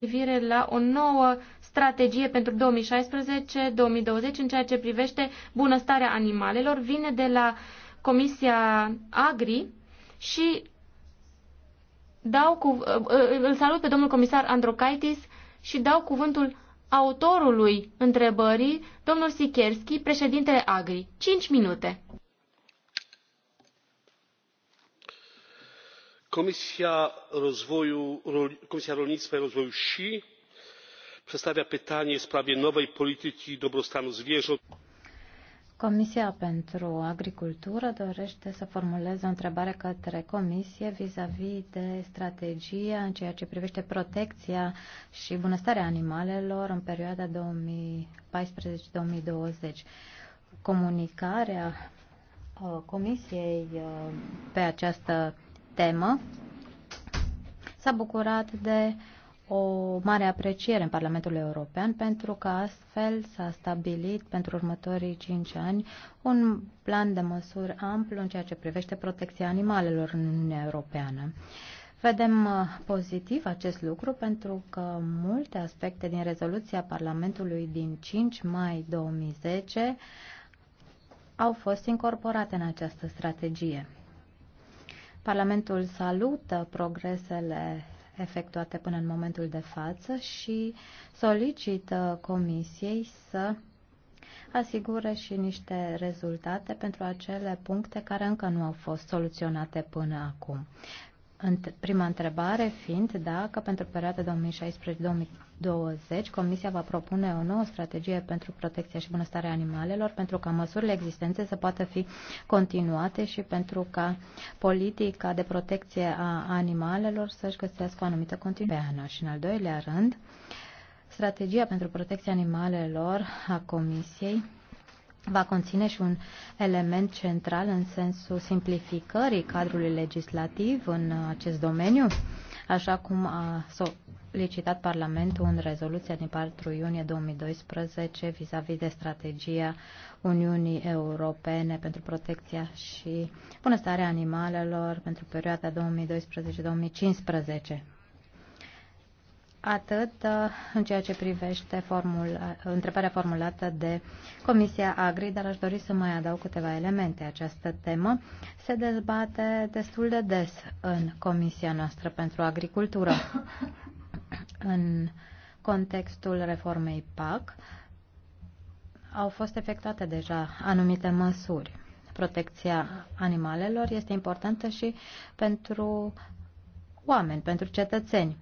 privire la o nouă strategie pentru 2016-2020 în ceea ce privește bunăstarea animalelor. Vine de la Comisia Agri și dau cu, îl salut pe domnul comisar Androcaitis și dau cuvântul autorului întrebării, domnul Sikerski, președintele Agri. 5 minute. komisja rolnictwa i rozwoju wsi przedstawia pytanie w sprawie nowej polityki dobrostanu zwierząt. Comisia pentru Agricultură dorește să formuleze o întrebare către Comisie vis-a-vis -vis de strategia în ceea ce privește protecția și bunăstarea animalelor în perioada 2014-2020. Comunicarea uh, Comisiei uh, pe această temă s-a bucurat de o mare apreciere în Parlamentul European pentru că astfel s-a stabilit pentru următorii 5 ani un plan de măsuri amplu în ceea ce privește protecția animalelor în Uniunea Europeană. Vedem uh, pozitiv acest lucru pentru că multe aspecte din rezoluția Parlamentului din 5 mai 2010 au fost incorporate în această strategie. Parlamentul salută progresele efectuate până în momentul de față și solicită Comisiei să asigure și niște rezultate pentru acele puncte care încă nu au fost soluționate până acum prima întrebare fiind dacă pentru perioada 2016-2020 Comisia va propune o nouă strategie pentru protecția și bunăstarea animalelor pentru ca măsurile existente să poată fi continuate și pentru ca politica de protecție a animalelor să-și găsească o anumită continuare. Și în al doilea rând, strategia pentru protecția animalelor a Comisiei va conține și un element central în sensul simplificării cadrului legislativ în acest domeniu, așa cum a solicitat Parlamentul în rezoluția din 4 iunie 2012 vis-a-vis -vis de strategia Uniunii Europene pentru protecția și bunăstarea animalelor pentru perioada 2012-2015. Atât uh, în ceea ce privește formula, uh, întrebarea formulată de Comisia Agri, dar aș dori să mai adaug câteva elemente. Această temă se dezbate destul de des în Comisia noastră pentru Agricultură. în contextul reformei PAC au fost efectuate deja anumite măsuri. Protecția animalelor este importantă și pentru oameni, pentru cetățeni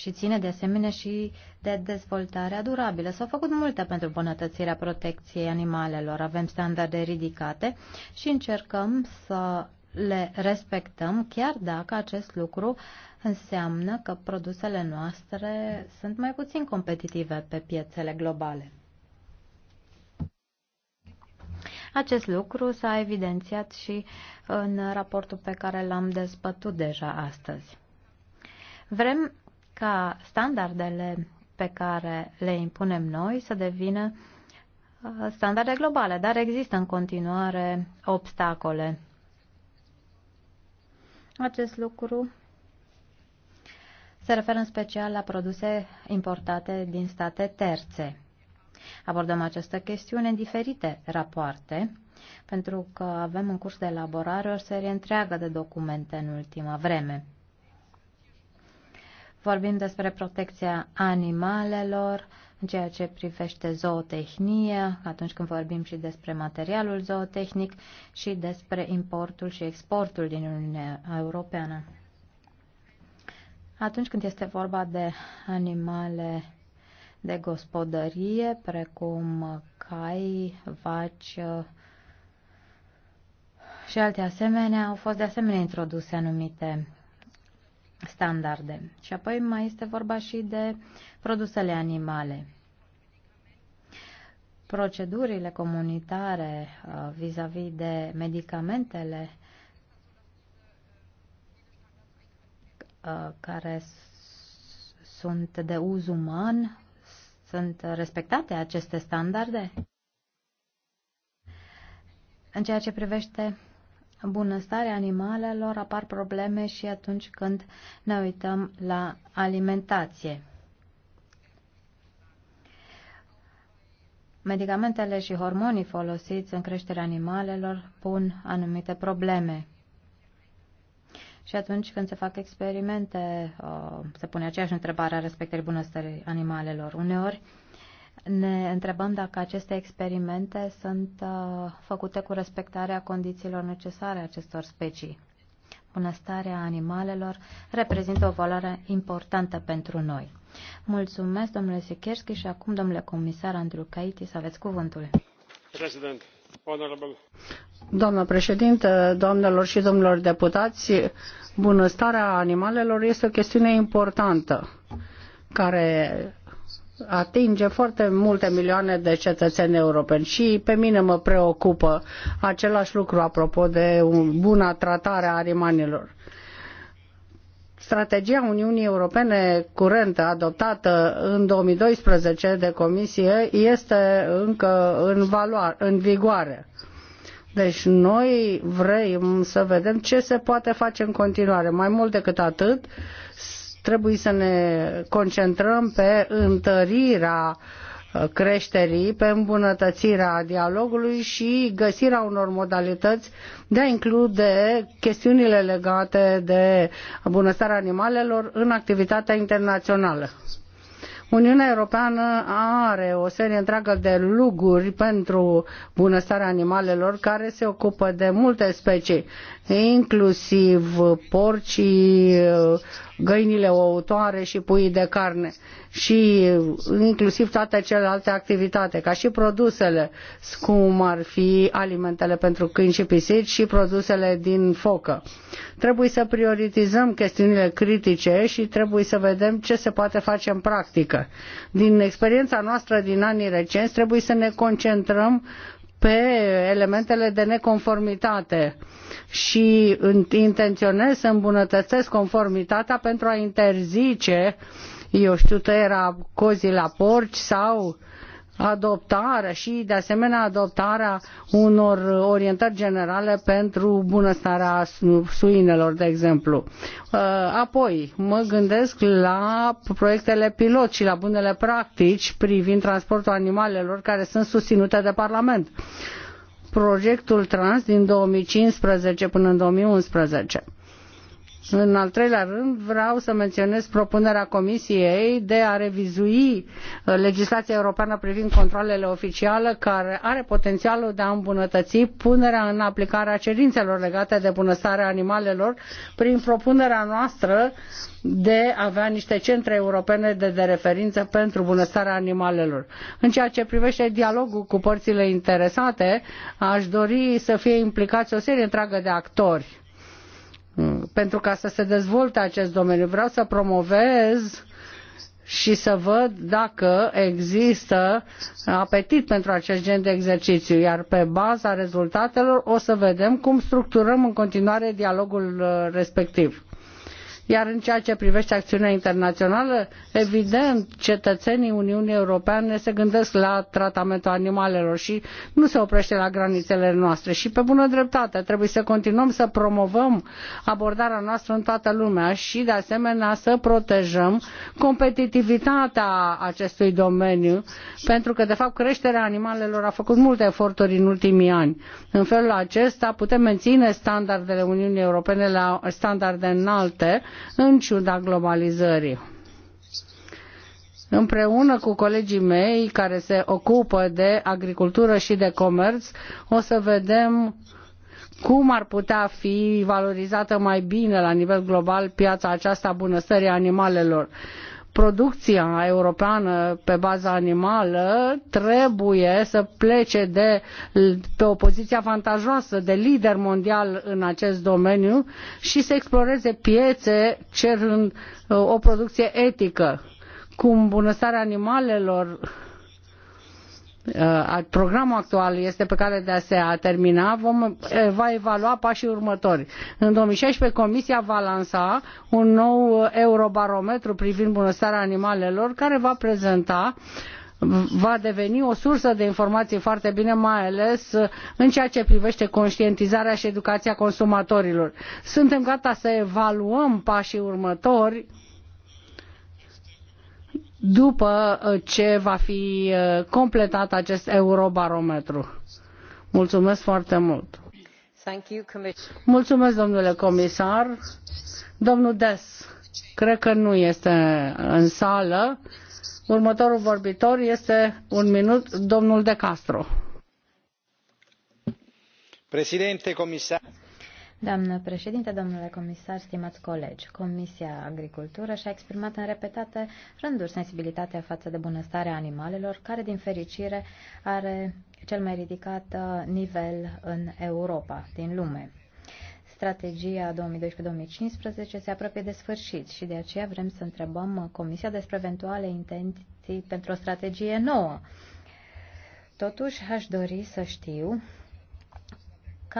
și ține de asemenea și de dezvoltarea durabilă. S-au făcut multe pentru bunătățirea protecției animalelor. Avem standarde ridicate și încercăm să le respectăm, chiar dacă acest lucru înseamnă că produsele noastre sunt mai puțin competitive pe piețele globale. Acest lucru s-a evidențiat și în raportul pe care l-am despătut deja astăzi. Vrem ca standardele pe care le impunem noi să devină uh, standarde globale, dar există în continuare obstacole. Acest lucru se referă în special la produse importate din state terțe. Abordăm această chestiune în diferite rapoarte, pentru că avem în curs de elaborare o serie întreagă de documente în ultima vreme. Vorbim despre protecția animalelor, în ceea ce privește zootehnie, atunci când vorbim și despre materialul zootehnic și despre importul și exportul din Uniunea Europeană. Atunci când este vorba de animale de gospodărie, precum cai, vaci uh, și alte asemenea, au fost de asemenea introduse anumite standarde. Și apoi mai este vorba și de produsele animale. Procedurile comunitare uh, vis-a-vis -vis de medicamentele uh, care sunt de uz uman, sunt respectate aceste standarde? În ceea ce privește bunăstarea animalelor apar probleme și atunci când ne uităm la alimentație. Medicamentele și hormonii folosiți în creșterea animalelor pun anumite probleme. Și atunci când se fac experimente, uh, se pune aceeași întrebare a respectării bunăstării animalelor. Uneori, ne întrebăm dacă aceste experimente sunt uh, făcute cu respectarea condițiilor necesare acestor specii. Bunăstarea animalelor reprezintă o valoare importantă pentru noi. Mulțumesc, domnule Sikerski, și acum, domnule comisar Andrew Caiti, să aveți cuvântul. President. Doamnă președintă, doamnelor și domnilor deputați, bunăstarea animalelor este o chestiune importantă care atinge foarte multe milioane de cetățeni europeni și pe mine mă preocupă același lucru apropo de buna tratare a arimanilor. Strategia Uniunii Europene curentă, adoptată în 2012 de Comisie, este încă în, valoare, în vigoare. Deci noi vrem să vedem ce se poate face în continuare. Mai mult decât atât, Trebuie să ne concentrăm pe întărirea uh, creșterii, pe îmbunătățirea dialogului și găsirea unor modalități de a include chestiunile legate de bunăstarea animalelor în activitatea internațională. Uniunea Europeană are o serie întreagă de luguri pentru bunăstarea animalelor care se ocupă de multe specii inclusiv porcii, găinile ouătoare și puii de carne și inclusiv toate celelalte activitate, ca și produsele, cum ar fi alimentele pentru câini și pisici și produsele din focă. Trebuie să prioritizăm chestiunile critice și trebuie să vedem ce se poate face în practică. Din experiența noastră din anii recenți, trebuie să ne concentrăm pe elementele de neconformitate și intenționez să îmbunătățesc conformitatea pentru a interzice, eu știu, tăierea cozii la porci sau adoptarea și de asemenea adoptarea unor orientări generale pentru bunăstarea suinelor, de exemplu. Uh, apoi, mă gândesc la proiectele pilot și la bunele practici privind transportul animalelor care sunt susținute de Parlament. Proiectul Trans din 2015 până în 2011 în al treilea rând, vreau să menționez propunerea Comisiei de a revizui uh, legislația europeană privind controlele oficiale, care are potențialul de a îmbunătăți punerea în aplicare a cerințelor legate de bunăstarea animalelor prin propunerea noastră de a avea niște centre europene de, de referință pentru bunăstarea animalelor. În ceea ce privește dialogul cu părțile interesate, aș dori să fie implicați o serie întreagă de actori pentru ca să se dezvolte acest domeniu. Vreau să promovez și să văd dacă există apetit pentru acest gen de exercițiu, iar pe baza rezultatelor o să vedem cum structurăm în continuare dialogul uh, respectiv. Iar în ceea ce privește acțiunea internațională, evident, cetățenii Uniunii Europene se gândesc la tratamentul animalelor și nu se oprește la granițele noastre. Și pe bună dreptate, trebuie să continuăm să promovăm abordarea noastră în toată lumea și, de asemenea, să protejăm competitivitatea acestui domeniu, pentru că, de fapt, creșterea animalelor a făcut multe eforturi în ultimii ani. În felul acesta putem menține standardele Uniunii Europene la standarde înalte, în ciuda globalizării. Împreună cu colegii mei care se ocupă de agricultură și de comerț, o să vedem cum ar putea fi valorizată mai bine la nivel global piața aceasta a bunăstării animalelor producția europeană pe bază animală trebuie să plece de, pe o poziție avantajoasă de lider mondial în acest domeniu și să exploreze piețe cerând uh, o producție etică cum bunăstarea animalelor Uh, programul actual este pe care de a se a termina, vom, uh, va evalua pașii următori. În 2016 Comisia va lansa un nou eurobarometru privind bunăstarea animalelor care va prezenta va deveni o sursă de informații foarte bine, mai ales uh, în ceea ce privește conștientizarea și educația consumatorilor. Suntem gata să evaluăm pașii următori după uh, ce va fi uh, completat acest eurobarometru. Mulțumesc foarte mult! Mulțumesc, domnule comisar. Domnul Des, cred că nu este în sală. Următorul vorbitor este un minut, domnul De Castro. Președinte, comisar. Doamnă președinte, domnule comisar, stimați colegi, Comisia Agricultură și-a exprimat în repetate rânduri sensibilitatea față de bunăstarea animalelor, care, din fericire, are cel mai ridicat uh, nivel în Europa, din lume. Strategia 2012-2015 se apropie de sfârșit și de aceea vrem să întrebăm uh, Comisia despre eventuale intenții pentru o strategie nouă. Totuși, aș dori să știu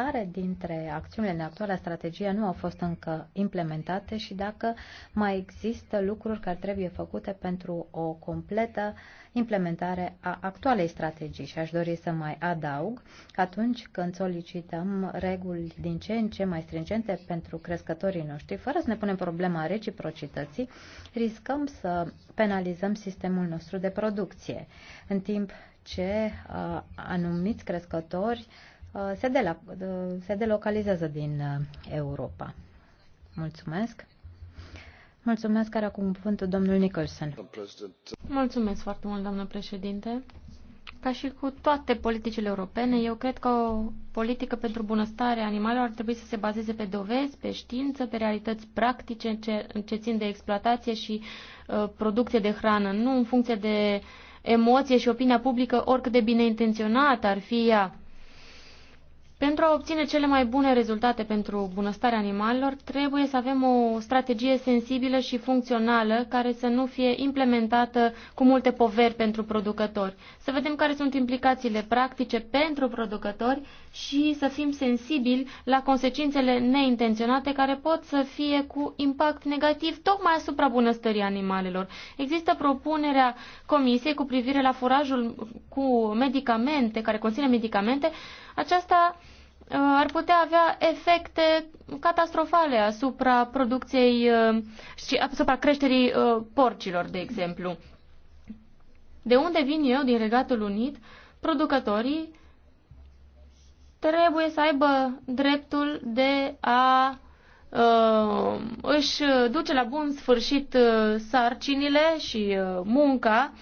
care dintre acțiunile în actuala strategie nu au fost încă implementate și dacă mai există lucruri care trebuie făcute pentru o completă implementare a actualei strategii. Și aș dori să mai adaug că atunci când solicităm reguli din ce în ce mai stringente pentru crescătorii noștri, fără să ne punem problema reciprocității, riscăm să penalizăm sistemul nostru de producție, în timp ce uh, anumiți crescători Uh, se, la, uh, se delocalizează din uh, Europa. Mulțumesc. Mulțumesc, care acum cuvântul domnul Nicholson. Mulțumesc foarte mult, doamnă președinte. Ca și cu toate politicile europene, eu cred că o politică pentru bunăstare animalelor ar trebui să se bazeze pe dovezi, pe știință, pe realități practice ce, ce țin de exploatație și uh, producție de hrană, nu în funcție de emoție și opinia publică, oricât de bine intenționată ar fi ea. Pentru a obține cele mai bune rezultate pentru bunăstarea animalelor, trebuie să avem o strategie sensibilă și funcțională care să nu fie implementată cu multe poveri pentru producători. Să vedem care sunt implicațiile practice pentru producători și să fim sensibili la consecințele neintenționate care pot să fie cu impact negativ tocmai asupra bunăstării animalelor. Există propunerea Comisiei cu privire la forajul cu medicamente, care conține medicamente. Aceasta uh, ar putea avea efecte catastrofale asupra producției uh, și asupra creșterii uh, porcilor, de exemplu. De unde vin eu din Regatul Unit, producătorii trebuie să aibă dreptul de a uh, își duce la bun sfârșit uh, sarcinile și uh, munca,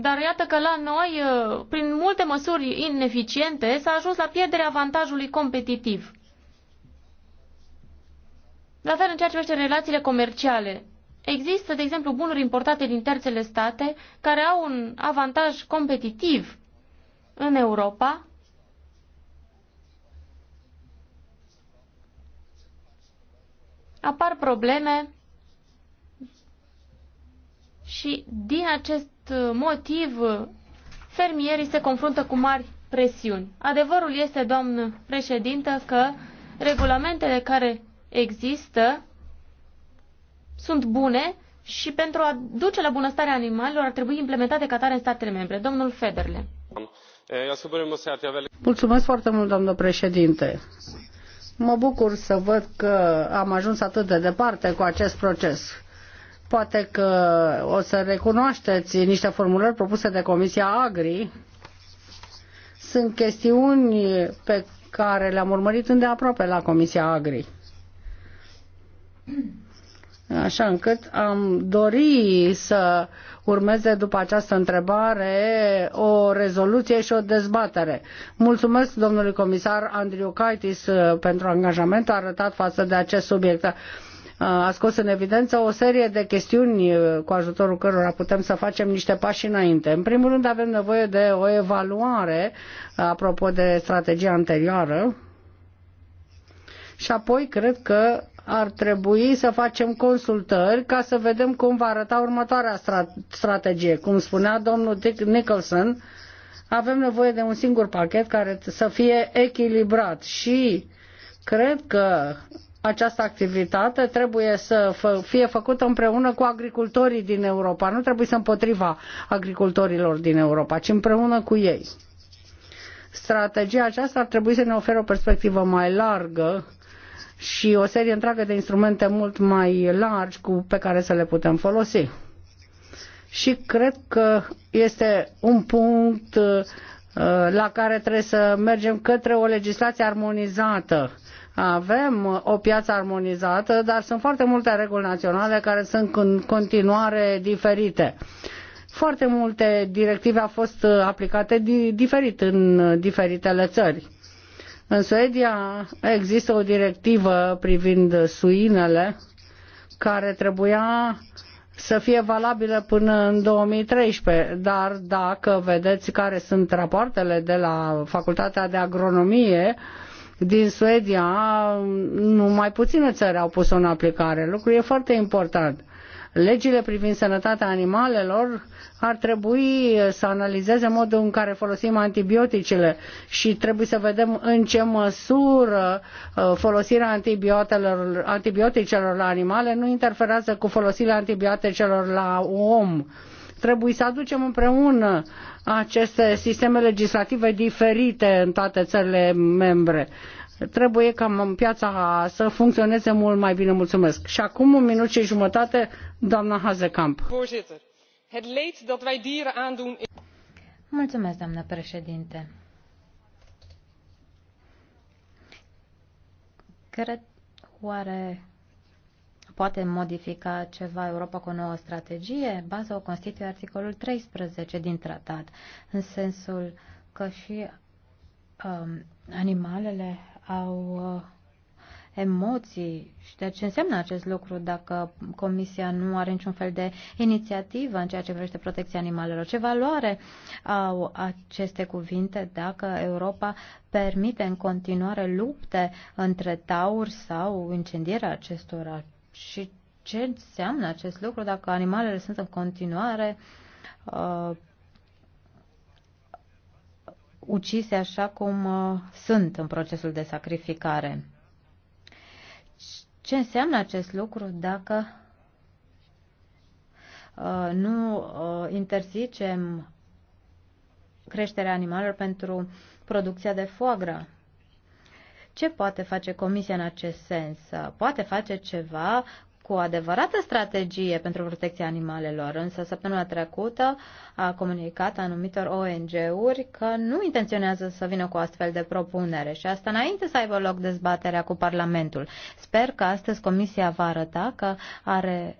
dar iată că la noi, uh, prin multe măsuri ineficiente, s-a ajuns la pierderea avantajului competitiv. La fel în ceea ce privește relațiile comerciale. Există, de exemplu, bunuri importate din terțele state care au un avantaj competitiv în Europa, apar probleme și din acest motiv fermierii se confruntă cu mari presiuni. Adevărul este, doamnă președintă, că regulamentele care există sunt bune și pentru a duce la bunăstarea animalelor ar trebui implementate ca tare în statele membre. Domnul Federle. Mulțumesc foarte mult, doamnă președinte. Mă bucur să văd că am ajuns atât de departe cu acest proces. Poate că o să recunoașteți niște formulări propuse de Comisia Agri. Sunt chestiuni pe care le-am urmărit îndeaproape la Comisia Agri așa încât am dori să urmeze după această întrebare o rezoluție și o dezbatere. Mulțumesc domnului comisar Andriu Caitis uh, pentru angajamentul arătat față de acest subiect. Uh, a scos în evidență o serie de chestiuni uh, cu ajutorul cărora putem să facem niște pași înainte. În primul rând avem nevoie de o evaluare apropo de strategia anterioară și apoi cred că ar trebui să facem consultări ca să vedem cum va arăta următoarea strategie. Cum spunea domnul Dick Nicholson, avem nevoie de un singur pachet care să fie echilibrat și cred că această activitate trebuie să fie făcută împreună cu agricultorii din Europa. Nu trebuie să împotriva agricultorilor din Europa, ci împreună cu ei. Strategia aceasta ar trebui să ne ofere o perspectivă mai largă și o serie întreagă de instrumente mult mai largi cu, pe care să le putem folosi. Și cred că este un punct uh, la care trebuie să mergem către o legislație armonizată. Avem o piață armonizată, dar sunt foarte multe reguli naționale care sunt în continuare diferite. Foarte multe directive au fost uh, aplicate diferit în diferitele țări în Suedia există o directivă privind suinele care trebuia să fie valabilă până în 2013, dar dacă vedeți care sunt rapoartele de la Facultatea de Agronomie din Suedia, numai puține țări au pus-o în aplicare. Lucru e foarte important legile privind sănătatea animalelor ar trebui să analizeze modul în care folosim antibioticele și trebuie să vedem în ce măsură uh, folosirea antibioticelor la animale nu interferează cu folosirea antibioticelor la om trebuie să aducem împreună aceste sisteme legislative diferite în toate țările membre. Trebuie ca piața să funcționeze mult mai bine. Mulțumesc. Și acum un minut și jumătate, doamna Hazekamp. Mulțumesc, doamnă președinte. Cred oare poate modifica ceva Europa cu o nouă strategie? Baza o constituie articolul 13 din tratat, în sensul că și um, animalele au uh, emoții și de ce înseamnă acest lucru dacă Comisia nu are niciun fel de inițiativă în ceea ce privește protecția animalelor. Ce valoare au aceste cuvinte dacă Europa permite în continuare lupte între tauri sau incendierea acestora? Și ce înseamnă acest lucru dacă animalele sunt în continuare uh, ucise așa cum uh, sunt în procesul de sacrificare. Ce înseamnă acest lucru dacă uh, nu uh, interzicem creșterea animalelor pentru producția de foagră? Ce poate face Comisia în acest sens? Poate face ceva cu o adevărată strategie pentru protecția animalelor, însă săptămâna trecută a comunicat anumitor ONG-uri că nu intenționează să vină cu astfel de propunere și asta înainte să aibă loc dezbaterea cu Parlamentul. Sper că astăzi Comisia va arăta că are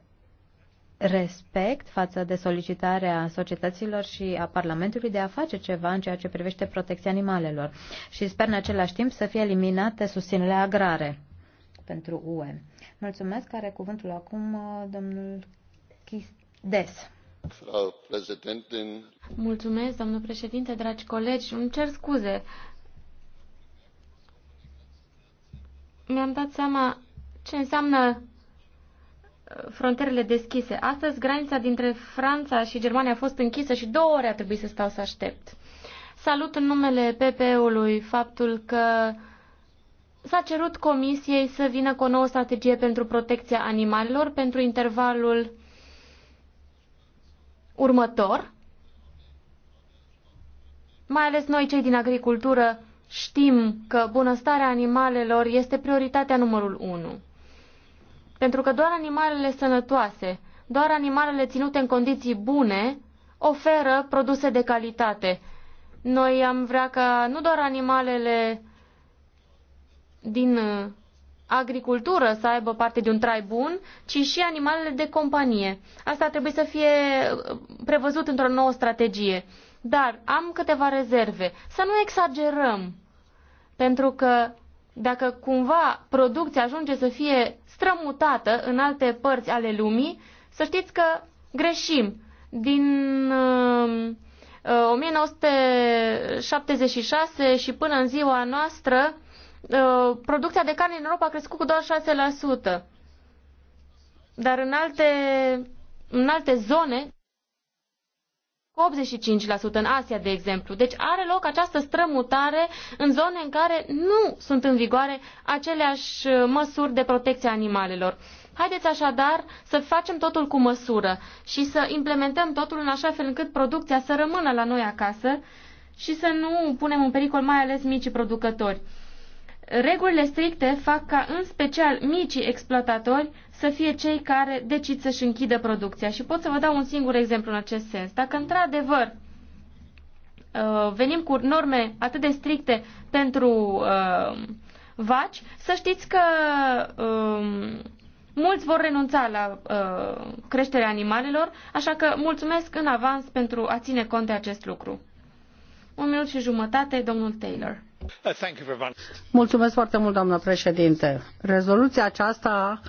respect față de solicitarea societăților și a Parlamentului de a face ceva în ceea ce privește protecția animalelor și sper în același timp să fie eliminate susținerea agrare pentru UE. Mulțumesc, are cuvântul acum uh, domnul Des. Mulțumesc, domnul președinte, dragi colegi. Îmi cer scuze. Mi-am dat seama ce înseamnă uh, frontierele deschise. Astăzi granița dintre Franța și Germania a fost închisă și două ore a trebuit să stau să aștept. Salut în numele PPE-ului faptul că uh, s-a cerut Comisiei să vină cu o nouă strategie pentru protecția animalelor pentru intervalul următor. Mai ales noi, cei din agricultură, știm că bunăstarea animalelor este prioritatea numărul 1. Pentru că doar animalele sănătoase, doar animalele ținute în condiții bune, oferă produse de calitate. Noi am vrea ca nu doar animalele din uh, agricultură să aibă parte de un trai bun, ci și animalele de companie. Asta trebuie să fie uh, prevăzut într-o nouă strategie. Dar am câteva rezerve. Să nu exagerăm, pentru că dacă cumva producția ajunge să fie strămutată în alte părți ale lumii, să știți că greșim. Din uh, 1976 uh, și până în ziua noastră, uh, Uh, producția de carne în Europa a crescut cu doar 6%. Dar în alte, în alte zone, cu 85% în Asia, de exemplu. Deci are loc această strămutare în zone în care nu sunt în vigoare aceleași uh, măsuri de protecție a animalelor. Haideți așadar să facem totul cu măsură și să implementăm totul în așa fel încât producția să rămână la noi acasă și să nu punem în pericol mai ales micii producători. Regulile stricte fac ca în special micii exploatatori să fie cei care decid să-și închidă producția. Și pot să vă dau un singur exemplu în acest sens. Dacă într-adevăr uh, venim cu norme atât de stricte pentru uh, vaci, să știți că um, mulți vor renunța la uh, creșterea animalelor, așa că mulțumesc în avans pentru a ține cont de acest lucru. Un minut și jumătate, domnul Taylor. Mulțumesc foarte mult, doamnă președinte. Rezoluția aceasta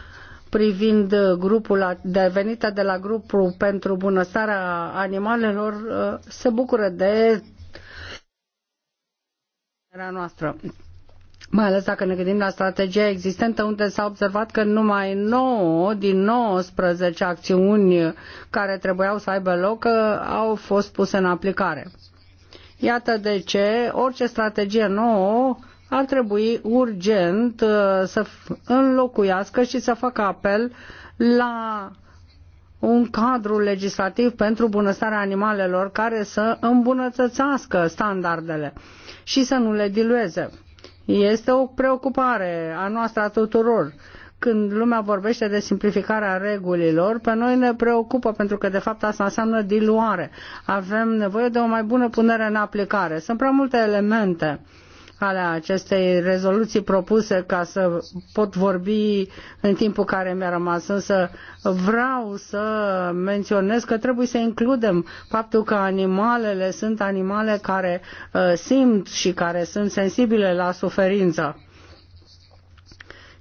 privind grupul de la grupul pentru bunăstarea animalelor uh, se bucură de noastră mai ales dacă ne gândim la strategia existentă unde s-a observat că numai 9 din 19 acțiuni care trebuiau să aibă loc uh, au fost puse în aplicare. Iată de ce orice strategie nouă ar trebui urgent uh, să înlocuiască și să facă apel la un cadru legislativ pentru bunăstarea animalelor care să îmbunătățească standardele și să nu le dilueze. Este o preocupare a noastră a tuturor când lumea vorbește de simplificarea regulilor, pe noi ne preocupă pentru că de fapt asta înseamnă diluare. Avem nevoie de o mai bună punere în aplicare. Sunt prea multe elemente ale acestei rezoluții propuse ca să pot vorbi în timpul care mi-a rămas, însă vreau să menționez că trebuie să includem faptul că animalele sunt animale care uh, simt și care sunt sensibile la suferință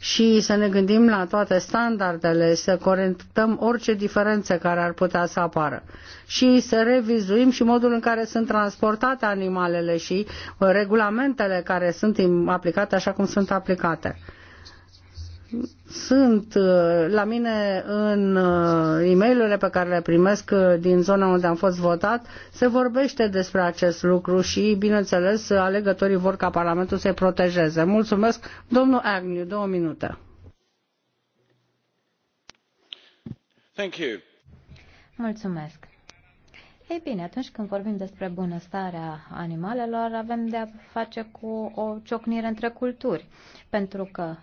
și să ne gândim la toate standardele, să corectăm orice diferențe care ar putea să apară și să revizuim și modul în care sunt transportate animalele și uh, regulamentele care sunt aplicate așa cum sunt aplicate sunt uh, la mine în uh, e mail pe care le primesc uh, din zona unde am fost votat, se vorbește despre acest lucru și, bineînțeles, alegătorii vor ca Parlamentul să-i protejeze. Mulțumesc. Domnul Agnew, două minute. Thank you. Mulțumesc. Ei bine, atunci când vorbim despre bunăstarea animalelor, avem de a face cu o ciocnire între culturi, pentru că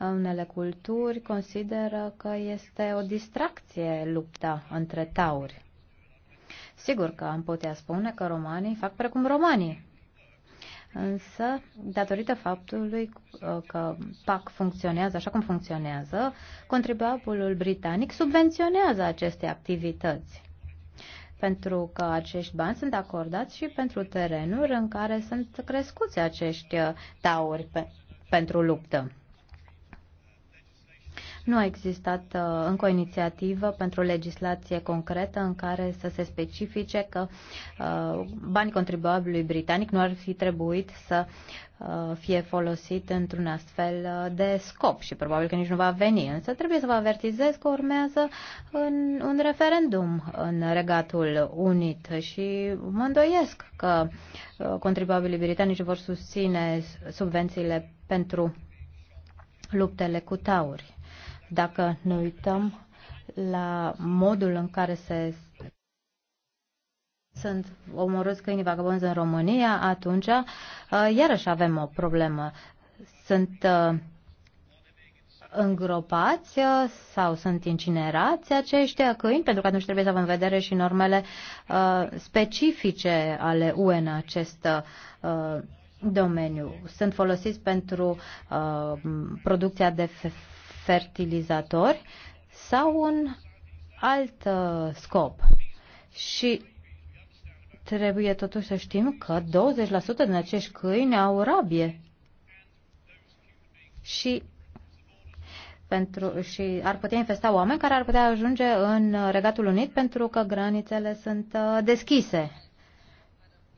unele culturi consideră că este o distracție lupta între tauri. Sigur că am putea spune că romanii fac precum romanii. Însă, datorită faptului uh, că PAC funcționează așa cum funcționează, contribuabilul britanic subvenționează aceste activități. Pentru că acești bani sunt acordați și pentru terenuri în care sunt crescuți acești uh, tauri pe, pentru luptă. Nu a existat uh, încă o inițiativă pentru o legislație concretă în care să se specifice că uh, banii contribuabilului britanic nu ar fi trebuit să uh, fie folosit într-un astfel uh, de scop și probabil că nici nu va veni. Însă trebuie să vă avertizez că urmează în, un referendum în Regatul Unit și mă îndoiesc că uh, contribuabilii britanici vor susține subvențiile pentru luptele cu tauri. Dacă ne uităm la modul în care se sunt omorâți câinii vagabonzi în România, atunci uh, iarăși avem o problemă. Sunt uh, îngropați uh, sau sunt incinerați aceștia câini, pentru că atunci trebuie să avem în vedere și normele specifice ale UE în acest domeniu. Sunt folosiți pentru producția de fertilizatori sau un alt uh, scop. Și trebuie totuși să știm că 20% din acești câini au rabie. Și pentru, și ar putea infesta oameni care ar putea ajunge în Regatul Unit pentru că granițele sunt uh, deschise.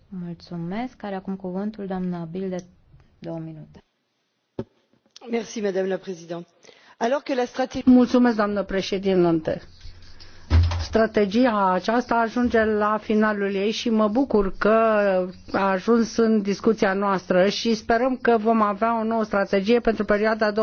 Mulțumesc. Care acum cuvântul, doamna Bilde, două minute. Merci, madame la doamnă președintă strategia aceasta ajunge la finalul ei și mă bucur că a ajuns în discuția noastră și sperăm că vom avea o nouă strategie pentru perioada 2016-2020.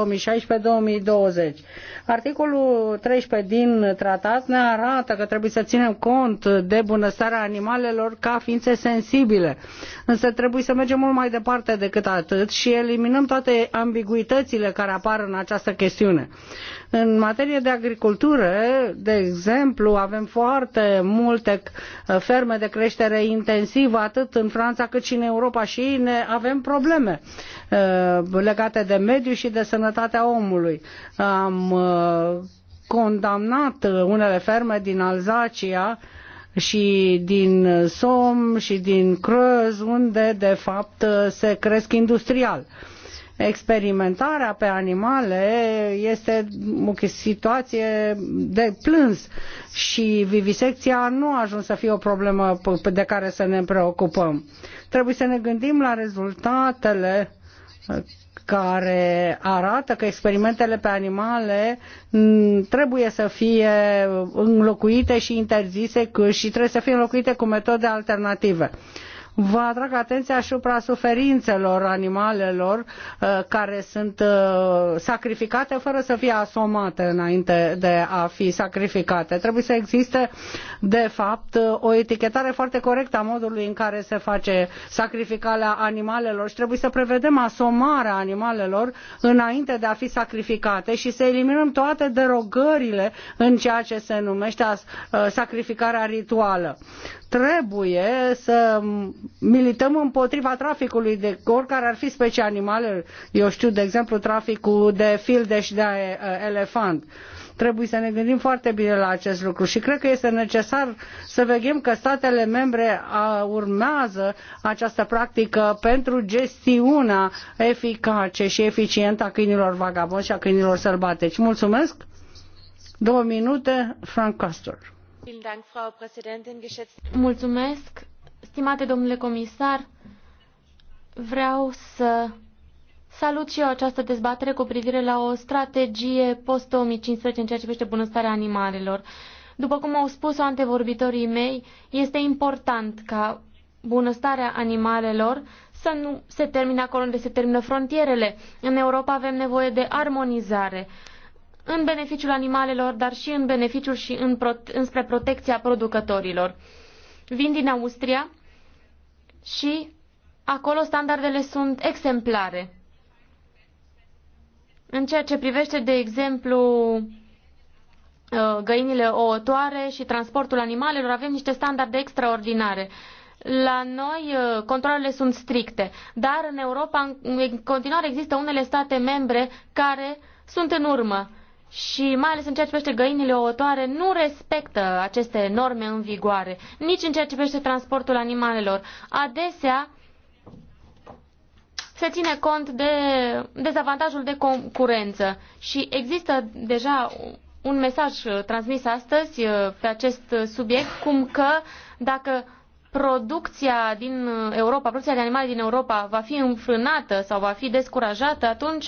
Articolul 13 din tratat ne arată că trebuie să ținem cont de bunăstarea animalelor ca ființe sensibile. Însă trebuie să mergem mult mai departe decât atât și eliminăm toate ambiguitățile care apar în această chestiune. În materie de agricultură, de exemplu, avem foarte multe uh, ferme de creștere intensivă, atât în Franța cât și în Europa și ne avem probleme uh, legate de mediu și de sănătatea omului. Am uh, condamnat unele ferme din Alzacia și din Som și din Crăz, unde de fapt se cresc industrial. Uh, experimentarea pe animale este o situație de plâns și vivisecția nu a ajuns să fie o problemă de care să ne preocupăm. Trebuie să ne gândim la rezultatele uh, care arată că experimentele pe animale mm, trebuie să fie înlocuite și interzise și trebuie să fie înlocuite cu metode alternative. Vă atrag atenția asupra suferințelor animalelor uh, care sunt uh, sacrificate fără să fie asomate înainte de a fi sacrificate. Trebuie să existe, de fapt, o etichetare foarte corectă a modului în care se face sacrificarea animalelor și trebuie să prevedem asomarea animalelor înainte de a fi sacrificate și să eliminăm toate derogările în ceea ce se numește uh, sacrificarea rituală trebuie să milităm împotriva traficului de oricare ar fi specie animale, eu știu, de exemplu, traficul de filde și de uh, elefant. Trebuie să ne gândim foarte bine la acest lucru și cred că este necesar să veghem că statele membre urmează această practică pentru gestiunea eficace și eficientă a câinilor vagabonzi și a câinilor sălbatici. Mulțumesc! Două minute, Frank Castor. Mulțumesc, stimate domnule comisar. Vreau să salut și eu această dezbatere cu privire la o strategie post-2015 în ceea ce privește bunăstarea animalelor. După cum au spus-o antevorbitorii mei, este important ca bunăstarea animalelor să nu se termine acolo unde se termină frontierele. În Europa avem nevoie de armonizare în beneficiul animalelor, dar și în beneficiul și în prote- înspre protecția producătorilor. Vin din Austria și acolo standardele sunt exemplare. În ceea ce privește, de exemplu, uh, găinile ouătoare și transportul animalelor, avem niște standarde extraordinare. La noi uh, controlele sunt stricte, dar în Europa în continuare există unele state membre care sunt în urmă și mai ales în ceea ce privește găinile ouătoare, nu respectă aceste norme în vigoare, nici în ceea ce privește transportul animalelor. Adesea se ține cont de dezavantajul de concurență și există deja un mesaj transmis astăzi uh, pe acest subiect, cum că dacă producția din Europa, producția de animale din Europa va fi înfrânată sau va fi descurajată, atunci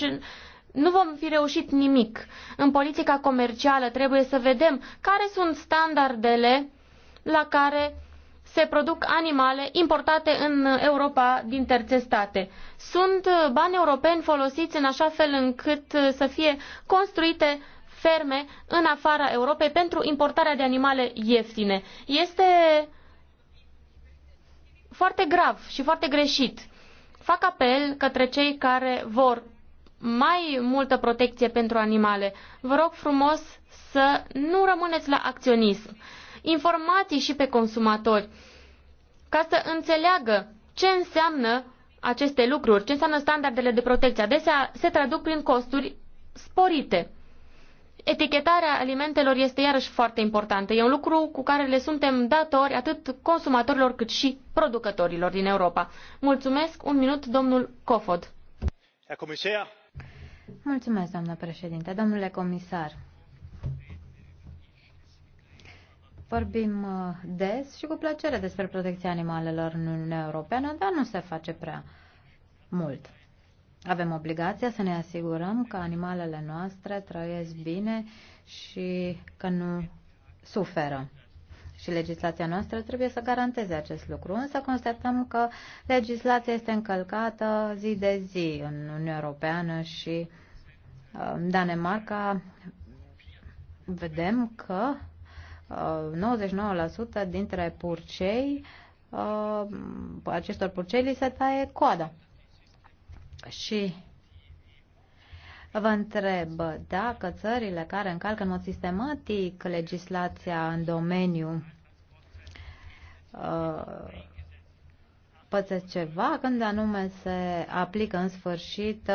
nu vom fi reușit nimic. În politica comercială trebuie să vedem care sunt standardele la care se produc animale importate în Europa din terțe state. Sunt bani europeni folosiți în așa fel încât să fie construite ferme în afara Europei pentru importarea de animale ieftine. Este foarte grav și foarte greșit. Fac apel către cei care vor mai multă protecție pentru animale. Vă rog frumos să nu rămâneți la acționism. Informați și pe consumatori ca să înțeleagă ce înseamnă aceste lucruri, ce înseamnă standardele de protecție. Adesea se traduc prin costuri sporite. Etichetarea alimentelor este iarăși foarte importantă. E un lucru cu care le suntem datori atât consumatorilor cât și producătorilor din Europa. Mulțumesc. Un minut, domnul Cofod. Herr Mulțumesc, doamnă președinte. Domnule comisar, vorbim uh, des și cu plăcere despre protecția animalelor în Uniunea Europeană, dar nu se face prea mult. Avem obligația să ne asigurăm că animalele noastre trăiesc bine și că nu suferă. Și legislația noastră trebuie să garanteze acest lucru, însă constatăm că legislația este încălcată zi de zi în Uniunea Europeană și uh, în Danemarca vedem că 99% uh, dintre purcei, uh, acestor purcei li se taie coada. Și vă întreb dacă țările care încalcă în mod sistematic legislația în domeniu uh, pățesc ceva când anume se aplică în sfârșit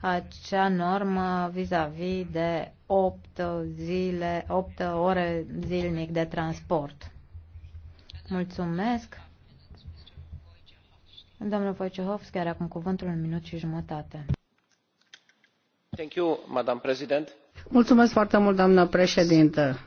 acea normă vis-a-vis -vis de 8 zile, 8 ore zilnic de transport. Mulțumesc. Domnul Wojciechowski are acum cuvântul în minut și jumătate. Thank you, Madam President. Mulțumesc foarte mult, doamnă președintă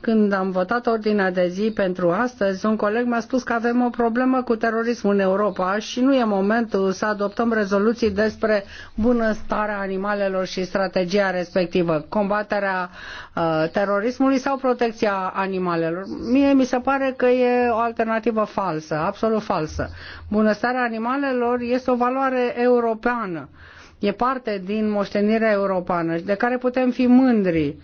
când am votat ordinea de zi pentru astăzi, un coleg mi-a spus că avem o problemă cu terorismul în Europa și nu e momentul să adoptăm rezoluții despre bunăstarea animalelor și strategia respectivă, combaterea uh, terorismului sau protecția animalelor. Mie mi se pare că e o alternativă falsă, absolut falsă. Bunăstarea animalelor este o valoare europeană, e parte din moștenirea europeană de care putem fi mândri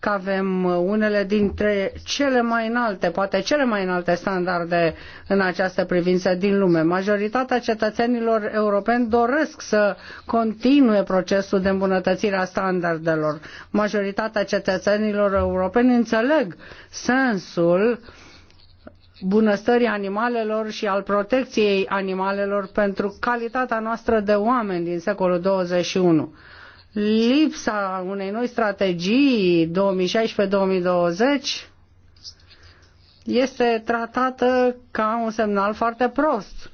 că avem unele dintre cele mai înalte, poate cele mai înalte standarde în această privință din lume. Majoritatea cetățenilor europeni doresc să continue procesul de îmbunătățire a standardelor. Majoritatea cetățenilor europeni înțeleg sensul bunăstării animalelor și al protecției animalelor pentru calitatea noastră de oameni din secolul 21 lipsa unei noi strategii 2016-2020 este tratată ca un semnal foarte prost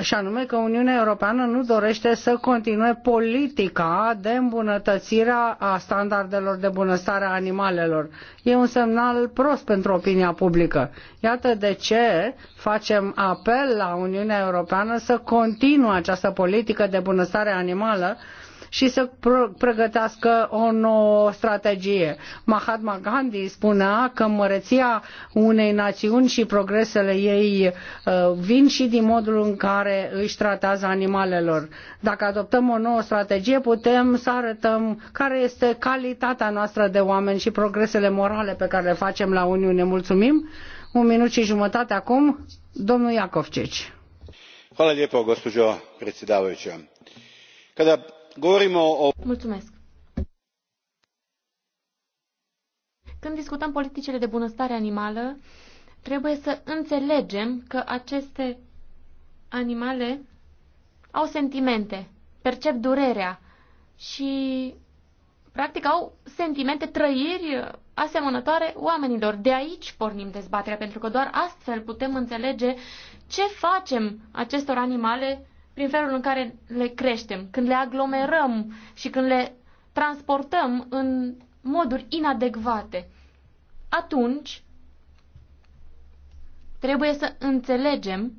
și anume că Uniunea Europeană nu dorește să continue politica de îmbunătățire a standardelor de bunăstare a animalelor. E un semnal prost pentru opinia publică. Iată de ce facem apel la Uniunea Europeană să continue această politică de bunăstare animală și să pregătească o nouă strategie. Mahatma Gandhi spunea că măreția unei națiuni și progresele ei uh, vin și din modul în care își tratează animalelor. Dacă adoptăm o nouă strategie, putem să arătăm care este calitatea noastră de oameni și progresele morale pe care le facem la Uniune. Mulțumim! Un minut și jumătate acum, domnul Iacovcici. Hvala lijepo, gospođo predsjedavajuća. Kada govorimo o... Mulțumesc. Când discutăm politicile de bunăstare animală, trebuie să înțelegem că aceste animale au sentimente, percep durerea și practic au sentimente, trăiri asemănătoare oamenilor. De aici pornim dezbaterea, pentru că doar astfel putem înțelege ce facem acestor animale prin felul în care le creștem, când le aglomerăm și când le transportăm în moduri inadecvate, atunci trebuie să înțelegem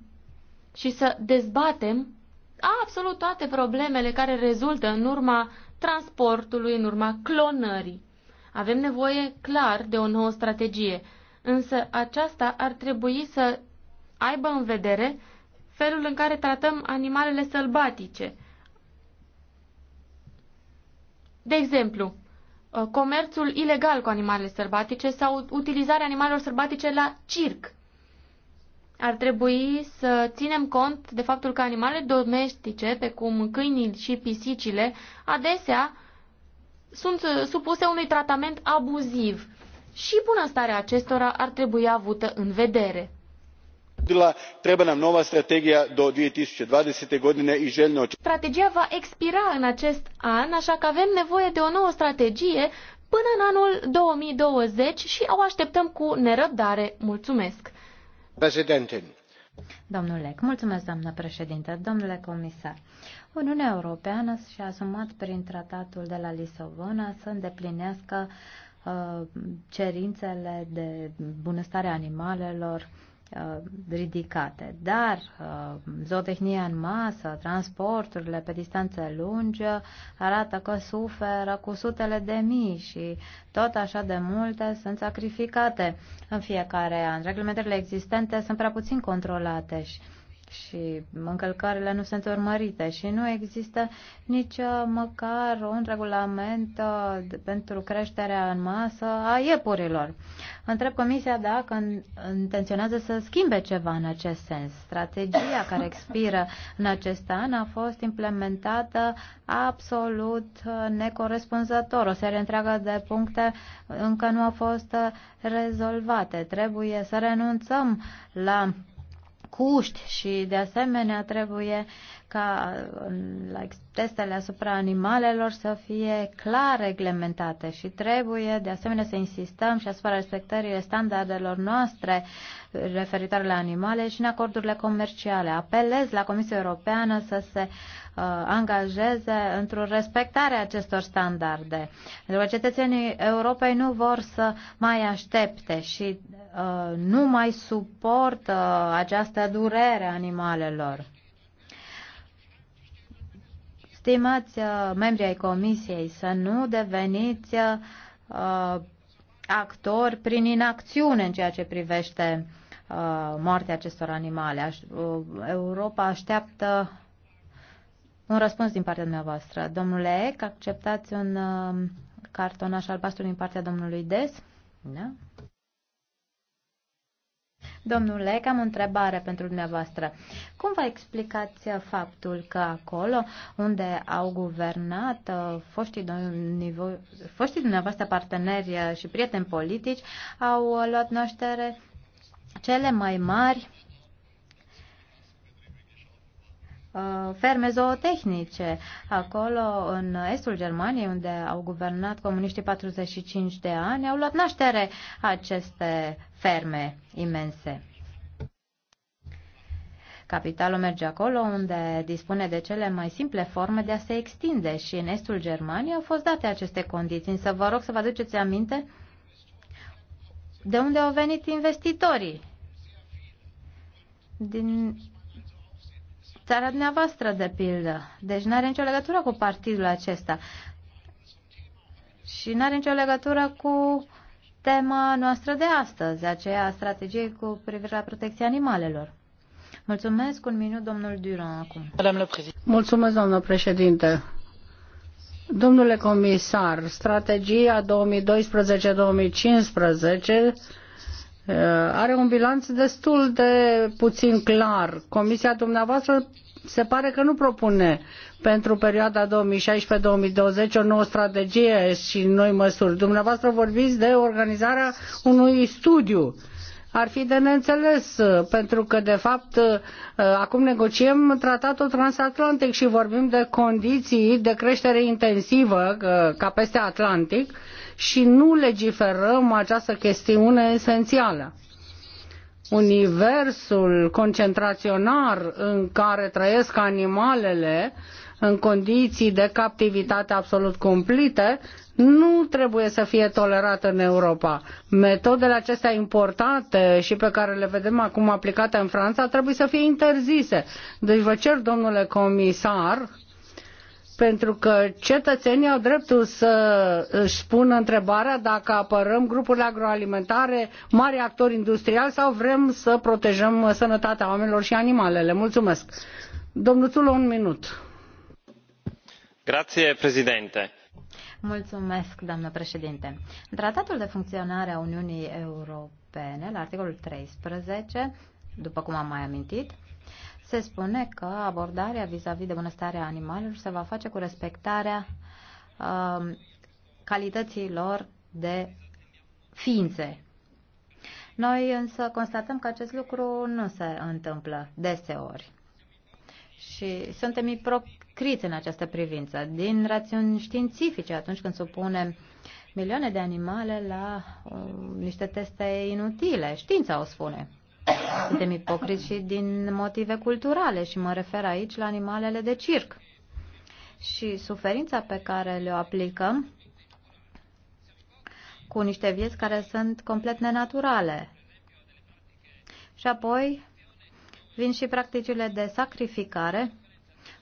și să dezbatem absolut toate problemele care rezultă în urma transportului, în urma clonării. Avem nevoie clar de o nouă strategie, însă aceasta ar trebui să aibă în vedere felul în care tratăm animalele sălbatice. De exemplu, uh, comerțul ilegal cu animalele sălbatice sau utilizarea animalelor sălbatice la circ. Ar trebui să ținem cont de faptul că animalele domestice, pe cum câinii și pisicile, adesea sunt uh, supuse unui tratament abuziv și bunăstarea acestora ar trebui avută în vedere treba nam nova strategija do. două mii douăzeci godine i strategia va expira în acest an așa că avem nevoie de o nouă strategie până în anul două mii douăzeci și o așteptăm cu nerăbdare. mulțumesc. Președinte. Domnule, mulțumesc, doamnă președinte, domnule comisar. Uniunea Europeană și-a asumat prin tratatul de la Lisabona să îndeplinească uh, cerințele de bunăstare animalelor, Uh, ridicate. Dar uh, zootehnia în masă, transporturile pe distanțe lungi arată că suferă cu sutele de mii și tot așa de multe sunt sacrificate în fiecare an. Reglementările existente sunt prea puțin controlate și și încălcările nu sunt urmărite și nu există nici uh, măcar un regulament uh, pentru creșterea în masă a iepurilor. Întreb Comisia dacă intenționează să schimbe ceva în acest sens. Strategia care expiră în acest an a fost implementată absolut uh, necorespunzător. O serie întreagă de puncte încă nu au fost rezolvate. Trebuie să renunțăm la cuști și de asemenea trebuie ca la testele asupra animalelor să fie clar reglementate și trebuie de asemenea să insistăm și asupra respectării standardelor noastre referitoare la animale și în acordurile comerciale. Apelez la Comisia Europeană să se uh, angajeze într-o respectare a acestor standarde. Pentru că cetățenii Europei nu vor să mai aștepte și uh, nu mai suportă uh, această durere a animalelor. Stimați uh, membrii ai Comisiei, să nu deveniți uh, actori prin inacțiune în ceea ce privește Uh, moartea acestor animale. Uh, Europa așteaptă un răspuns din partea dumneavoastră. Domnule Eck, acceptați un uh, cartonaș albastru din partea domnului Des? Da? Domnule, am o întrebare pentru dumneavoastră. Cum vă explicați faptul că acolo unde au guvernat foștii, foștii dumneavoastră parteneri și prieteni politici au luat naștere cele mai mari uh, ferme zootehnice. Acolo, în estul Germaniei, unde au guvernat comuniștii 45 de ani, au luat naștere aceste ferme imense. Capitalul merge acolo unde dispune de cele mai simple forme de a se extinde și în estul Germaniei au fost date aceste condiții. Însă vă rog să vă aduceți aminte de unde au venit investitorii? Din țara dumneavoastră, de pildă. Deci nu are nicio legătură cu partidul acesta. Și nu are nicio legătură cu tema noastră de astăzi, aceea strategie cu privire la protecția animalelor. Mulțumesc. Un minut, domnul Duran, acum. Mulțumesc, domnul președinte Domnule comisar, strategia 2012-2015 uh, are un bilanț destul de puțin clar. Comisia dumneavoastră se pare că nu propune pentru perioada 2016-2020 o nouă strategie și noi măsuri. Dumneavoastră vorbiți de organizarea unui studiu. Uh, ar fi de neînțeles, pentru că, de fapt, acum negociem tratatul transatlantic și vorbim de condiții de creștere intensivă ca peste Atlantic și nu legiferăm această chestiune esențială universul concentraționar în care trăiesc animalele în condiții de captivitate absolut cumplite nu trebuie să fie tolerată în Europa. Metodele acestea importante și pe care le vedem acum aplicate în Franța trebuie să fie interzise. Deci vă cer, domnule comisar, pentru că cetățenii au dreptul să își spună întrebarea dacă apărăm grupurile agroalimentare, mari actori industriali sau vrem să protejăm sănătatea oamenilor și animalele. Mulțumesc. Domnul Țulă, un minut președinte. Mulțumesc, doamnă președinte. În Tratatul de funcționare a Uniunii Europene, la articolul 13, după cum am mai amintit, se spune că abordarea vis-a-vis de bunăstarea animalelor se va face cu respectarea uh, um, lor de ființe. Noi însă constatăm că acest lucru nu se întâmplă deseori. Și suntem prescriți în această privință, din rațiuni științifice atunci când supunem milioane de animale la um, niște teste inutile. Știința o spune. Suntem ipocriți și din motive culturale și mă refer aici la animalele de circ. Și suferința pe care le-o aplicăm cu niște vieți care sunt complet nenaturale. Și apoi vin și practicile de sacrificare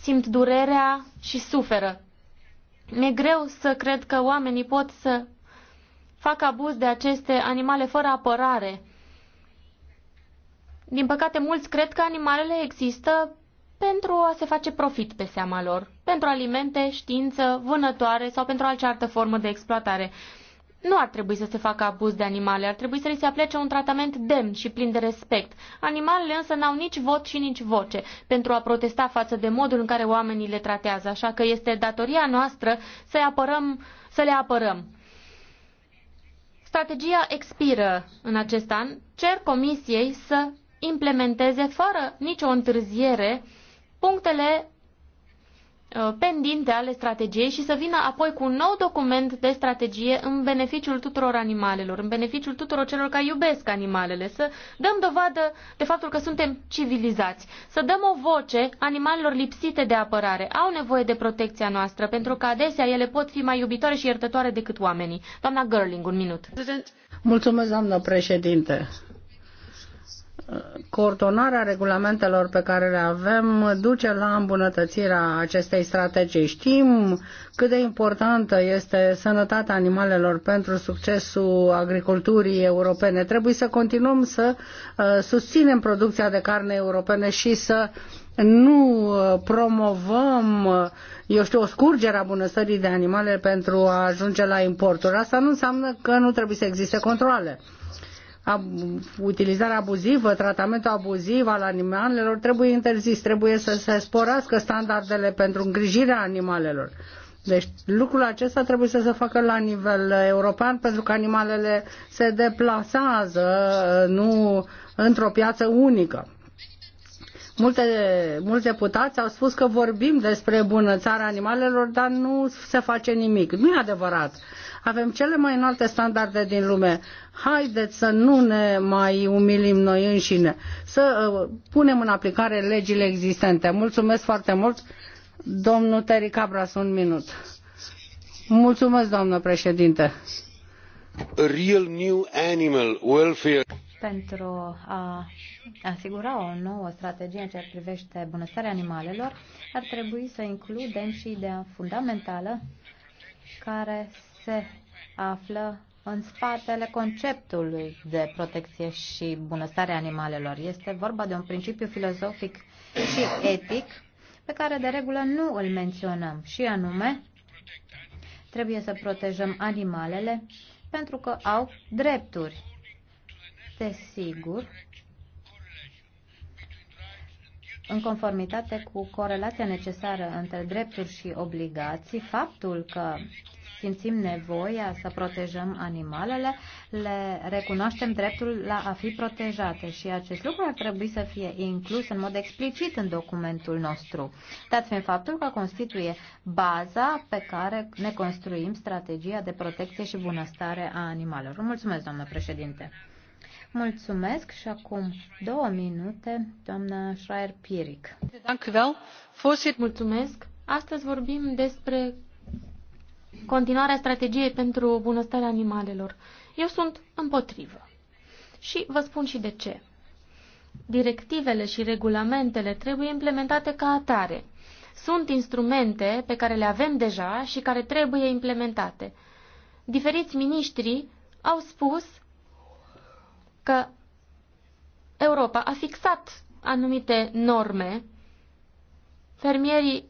simt durerea și suferă. Mi-e greu să cred că oamenii pot să fac abuz de aceste animale fără apărare. Din păcate, mulți cred că animalele există pentru a se face profit pe seama lor, pentru alimente, știință, vânătoare sau pentru altă formă de exploatare nu ar trebui să se facă abuz de animale, ar trebui să li se aplece un tratament demn și plin de respect. Animalele însă n-au nici vot și nici voce pentru a protesta față de modul în care oamenii le tratează, așa că este datoria noastră să, apărăm, să le apărăm. Strategia expiră în acest an. Cer comisiei să implementeze fără nicio întârziere punctele Uh, pendinte ale strategiei și să vină apoi cu un nou document de strategie în beneficiul tuturor animalelor, în beneficiul tuturor celor care iubesc animalele, să dăm dovadă de faptul că suntem civilizați, să dăm o voce animalelor lipsite de apărare. Au nevoie de protecția noastră, pentru că adesea ele pot fi mai iubitoare și iertătoare decât oamenii. Doamna Gerling, un minut. Mulțumesc, doamnă președinte coordonarea regulamentelor pe care le avem duce la îmbunătățirea acestei strategii. Știm cât de importantă este sănătatea animalelor pentru succesul agriculturii europene. Trebuie să continuăm să uh, susținem producția de carne europene și să nu uh, promovăm, uh, eu știu, o scurgere a bunăstării de animale pentru a ajunge la importuri. Asta nu înseamnă că nu trebuie să existe controle utilizarea abuzivă, tratamentul abuziv al animalelor trebuie interzis, trebuie să se sporească standardele pentru îngrijirea animalelor. Deci lucrul acesta trebuie să se facă la nivel european pentru că animalele se deplasează, nu într-o piață unică. Multe, mulți deputați au spus că vorbim despre bunățarea animalelor, dar nu se face nimic. Nu e adevărat. Avem cele mai înalte standarde din lume. Haideți să nu ne mai umilim noi înșine, să uh, punem în aplicare legile existente. Mulțumesc foarte mult. Domnul Teri Cabras, un minut. Mulțumesc, doamnă președinte. A real new animal welfare pentru a asigura o nouă strategie în ce privește bunăstarea animalelor, ar trebui să includem și ideea fundamentală care se află în spatele conceptului de protecție și bunăstare animalelor. Este vorba de un principiu filozofic și etic pe care de regulă nu îl menționăm și anume trebuie să protejăm animalele pentru că au drepturi. Desigur, în conformitate cu corelația necesară între drepturi și obligații, faptul că simțim nevoia să protejăm animalele, le recunoaștem dreptul la a fi protejate și acest lucru ar trebui să fie inclus în mod explicit în documentul nostru, dat fiind faptul că constituie baza pe care ne construim strategia de protecție și bunăstare a animalelor. Mulțumesc, doamnă președinte! Mulțumesc și acum două minute, doamna Schreier-Piric. Mulțumesc! Astăzi vorbim despre continuarea strategiei pentru bunăstarea animalelor. Eu sunt împotrivă. Și vă spun și de ce. Directivele și regulamentele trebuie implementate ca atare. Sunt instrumente pe care le avem deja și care trebuie implementate. Diferiți miniștri au spus că Europa a fixat anumite norme. Fermierii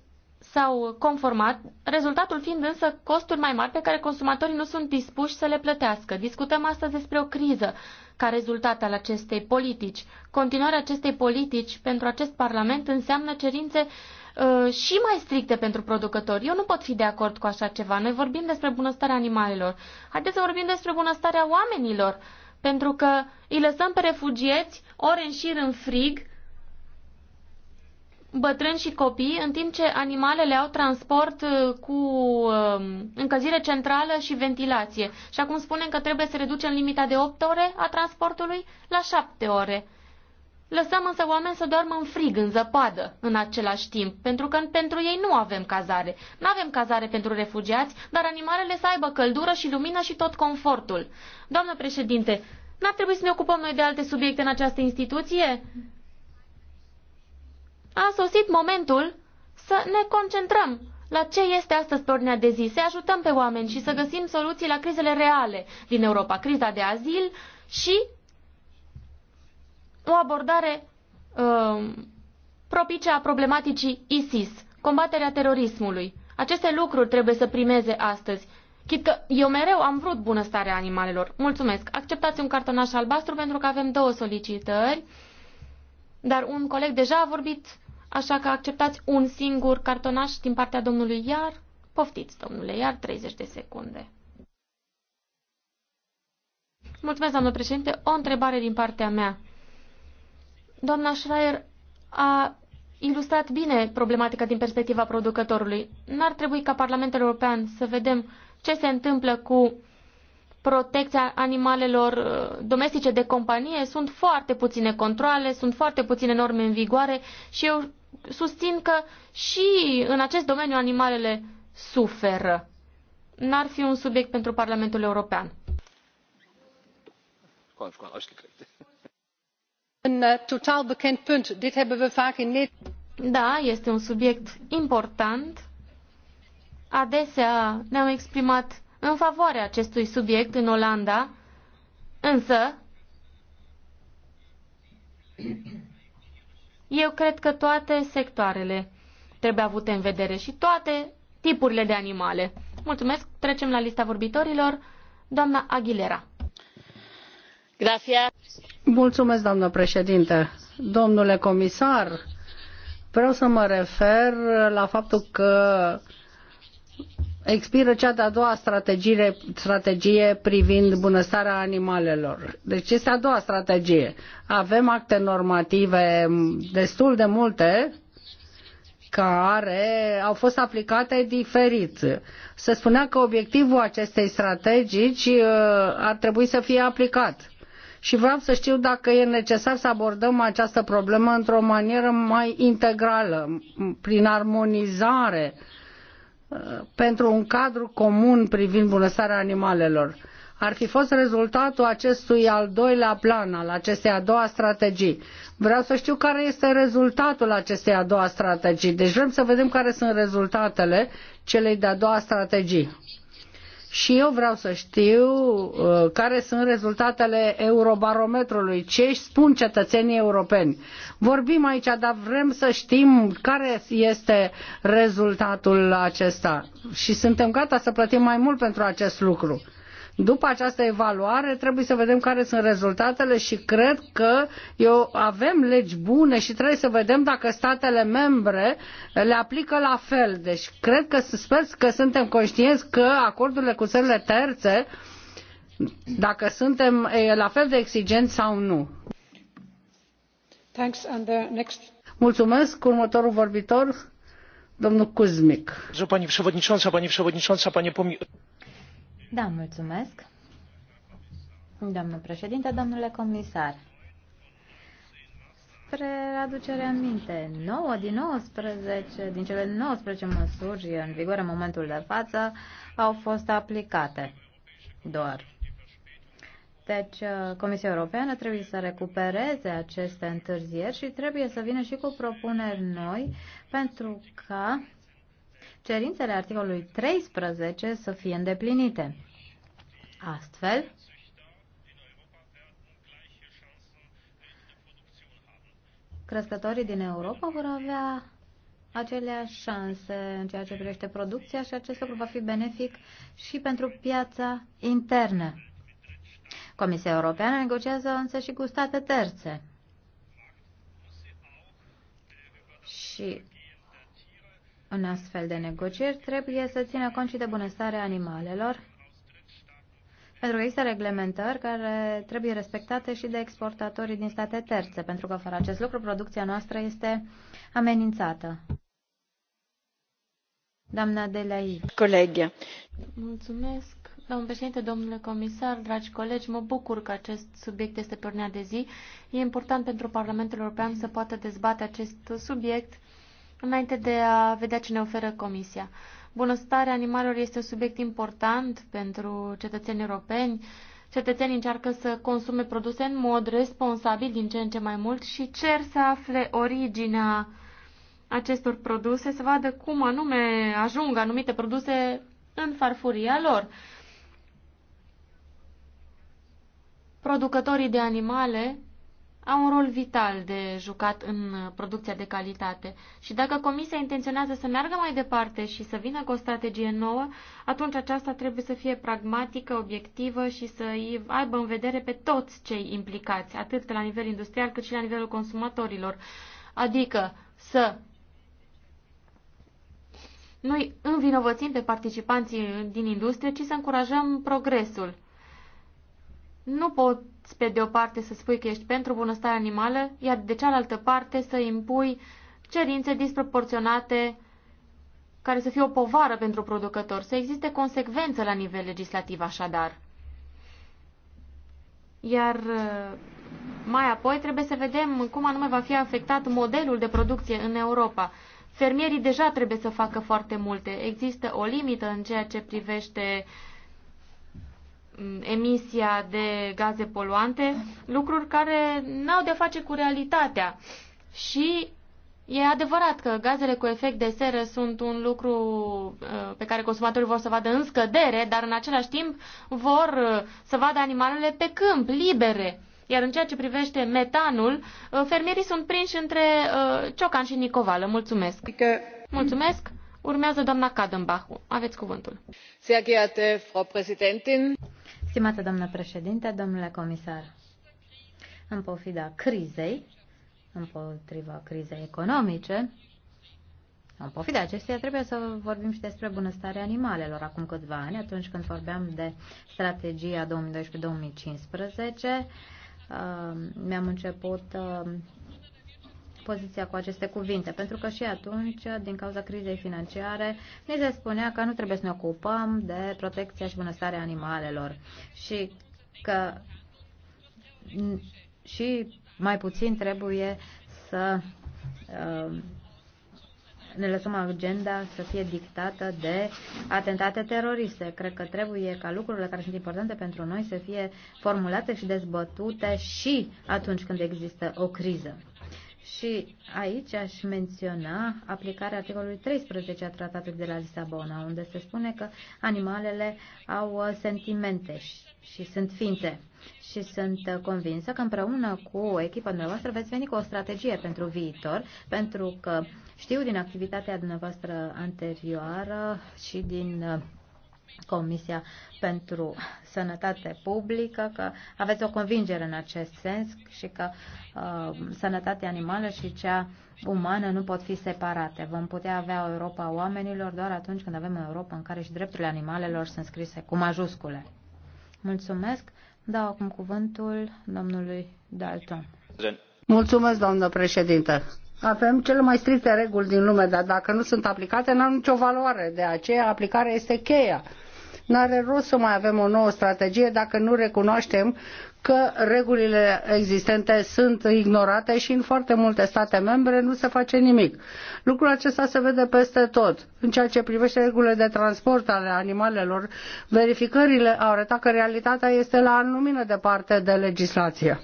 s-au conformat, rezultatul fiind însă costuri mai mari pe care consumatorii nu sunt dispuși să le plătească. Discutăm astăzi despre o criză ca rezultat al acestei politici. Continuarea acestei politici pentru acest Parlament înseamnă cerințe uh, și mai stricte pentru producători. Eu nu pot fi de acord cu așa ceva. Noi vorbim despre bunăstarea animalelor. Haideți să vorbim despre bunăstarea oamenilor, pentru că îi lăsăm pe refugiați ore în șir în frig, bătrâni și copii, în timp ce animalele au transport uh, cu um, încălzire centrală și ventilație. Și acum spunem că trebuie să reducem limita de 8 ore a transportului la 7 ore. Lăsăm însă oameni să doarmă în frig, în zăpadă, în același timp, pentru că pentru ei nu avem cazare. Nu avem cazare pentru refugiați, dar animalele să aibă căldură și lumină și tot confortul. Doamnă președinte, n-ar trebui să ne ocupăm noi de alte subiecte în această instituție? a sosit momentul să ne concentrăm la ce este astăzi pe ordinea de zi, să ajutăm pe oameni și să găsim soluții la crizele reale din Europa, criza de azil și o abordare uh, propice a problematicii ISIS, combaterea terorismului. Aceste lucruri trebuie să primeze astăzi. Chit că eu mereu am vrut bunăstarea animalelor. Mulțumesc. Acceptați un cartonaș albastru pentru că avem două solicitări. Dar un coleg deja a vorbit, așa că acceptați un singur cartonaș din partea domnului Iar. Poftiți, domnule Iar, 30 de secunde. Mulțumesc, doamnă președinte. O întrebare din partea mea. Doamna Schreier a ilustrat bine problematica din perspectiva producătorului. N-ar trebui ca Parlamentul European să vedem ce se întâmplă cu protecția animalelor uh, domestice de companie, sunt foarte puține controle, sunt foarte puține norme în vigoare și eu susțin că și în acest domeniu animalele suferă. N-ar fi un subiect pentru Parlamentul European. Uh, da, este un subiect important. Adesea ne-am exprimat în favoarea acestui subiect în Olanda, însă eu cred că toate sectoarele trebuie avute în vedere și toate tipurile de animale. Mulțumesc, trecem la lista vorbitorilor. Doamna Aguilera. Gracias. Mulțumesc, doamnă președinte. Domnule comisar, vreau să mă refer la faptul că expiră cea de-a doua strategie, strategie privind bunăstarea animalelor. Deci este a doua strategie. Avem acte normative destul de multe care au fost aplicate diferit. Se spunea că obiectivul acestei strategii uh, ar trebui să fie aplicat. Și vreau să știu dacă e necesar să abordăm această problemă într-o manieră mai integrală, prin armonizare uh, pentru un cadru comun privind bunăstarea animalelor. Ar fi fost rezultatul acestui al doilea plan, al acestei a doua strategii. Vreau să știu care este rezultatul acestei a doua strategii. Deci vrem să vedem care sunt rezultatele celei de-a doua strategii și eu vreau să știu uh, care sunt rezultatele eurobarometrului, ce își spun cetățenii europeni. Vorbim aici, dar vrem să știm care este rezultatul acesta și suntem gata să plătim mai mult pentru acest lucru. După această evaluare trebuie să vedem care sunt rezultatele și cred că eu avem legi bune și trebuie să vedem dacă statele membre le aplică la fel. Deci cred că sper că suntem conștienți că acordurile cu țările terțe dacă suntem la fel de exigenți sau nu. Mulțumesc. Următorul vorbitor, domnul Kuzmic. Pani przewodnicząca, pani przewodnicząca, panie da, mulțumesc. Doamnă președinte, domnule comisar, spre aducere minte 9 din 19, din cele 19 măsuri în vigoare în momentul de față au fost aplicate doar. Deci, uh, Comisia Europeană trebuie să recupereze aceste întârzieri și trebuie să vină și cu propuneri noi pentru ca cerințele articolului 13 să fie îndeplinite. Astfel, crescătorii din Europa vor avea aceleași șanse în ceea ce privește producția și acest lucru va fi benefic și pentru piața internă. Comisia Europeană negociază însă și cu state terțe. Și în astfel de negocieri trebuie să țină cont și de bunăstarea animalelor, pentru că există reglementări care trebuie respectate și de exportatorii din state terțe, pentru că fără acest lucru producția noastră este amenințată. Doamna Delai. Colegia. Mulțumesc. Domnul președinte, domnule comisar, dragi colegi, mă bucur că acest subiect este pe ordinea de zi. E important pentru Parlamentul European să poată dezbate acest subiect înainte de a vedea ce ne oferă Comisia. Bunăstarea animalelor este un subiect important pentru cetățenii europeni. Cetățenii încearcă să consume produse în mod responsabil din ce în ce mai mult și cer să afle originea acestor produse, să vadă cum anume ajung anumite produse în farfuria lor. Producătorii de animale au un rol vital de jucat în producția de calitate. Și dacă Comisia intenționează să meargă mai departe și să vină cu o strategie nouă, atunci aceasta trebuie să fie pragmatică, obiectivă și să îi aibă în vedere pe toți cei implicați, atât la nivel industrial cât și la nivelul consumatorilor. Adică să noi învinovățim pe participanții din industrie, ci să încurajăm progresul. Nu poți, pe de o parte, să spui că ești pentru bunăstare animală, iar de cealaltă parte să impui cerințe disproporționate care să fie o povară pentru producător, să existe consecvență la nivel legislativ așadar. Iar uh, mai apoi trebuie să vedem cum anume va fi afectat modelul de producție în Europa. Fermierii deja trebuie să facă foarte multe. Există o limită în ceea ce privește uh, Mm, emisia de gaze poluante, lucruri care n-au de face cu realitatea. Și e adevărat că gazele cu efect de seră sunt un lucru uh, pe care consumatorii vor să vadă în scădere, dar în același timp vor uh, să vadă animalele pe câmp, libere. Iar în ceea ce privește metanul, uh, fermierii sunt prinși între Ciocan și Nicovală. Mulțumesc! Adică- Mulțumesc! Urmează doamna Kadenbach. Aveți cuvântul. Sehr geehrte Frau Präsidentin! Stimată doamnă președinte, domnule comisar, în pofida crizei, împotriva crizei economice, în pofida acesteia trebuie să vorbim și despre bunăstarea animalelor. Acum câțiva ani, atunci când vorbeam de strategia 2012-2015, uh, mi-am început uh, poziția cu aceste cuvinte, pentru că și atunci, din cauza crizei financiare, ni se spunea că nu trebuie să ne ocupăm de protecția și bunăstarea animalelor și că și mai puțin trebuie să uh, ne lăsăm agenda să fie dictată de atentate teroriste. Cred că trebuie ca lucrurile care sunt importante pentru noi să fie formulate și dezbătute și atunci când există o criză. Și aici aș menționa aplicarea articolului 13 a tratatului de la Lisabona, unde se spune că animalele au uh, sentimente și sunt ființe. Și sunt uh, convinsă că împreună cu echipa dumneavoastră veți veni cu o strategie pentru viitor, pentru că știu din activitatea dumneavoastră anterioară și din uh, Comisia pentru Sănătate Publică, că aveți o convingere în acest sens și că uh, sănătatea animală și cea umană nu pot fi separate. Vom putea avea o Europa a oamenilor doar atunci când avem o Europa în care și drepturile animalelor sunt scrise cu majuscule. Mulțumesc. Dau acum cuvântul domnului Dalton. Mulțumesc, doamnă președintă avem cele mai stricte reguli din lume, dar dacă nu sunt aplicate, n-au nicio valoare. De aceea, aplicarea este cheia. N-are rost să mai avem o nouă strategie dacă nu recunoaștem că regulile existente sunt ignorate și în foarte multe state membre nu se face nimic. Lucrul acesta se vede peste tot. În ceea ce privește regulile de transport ale animalelor, verificările au arătat că realitatea este la de departe de legislație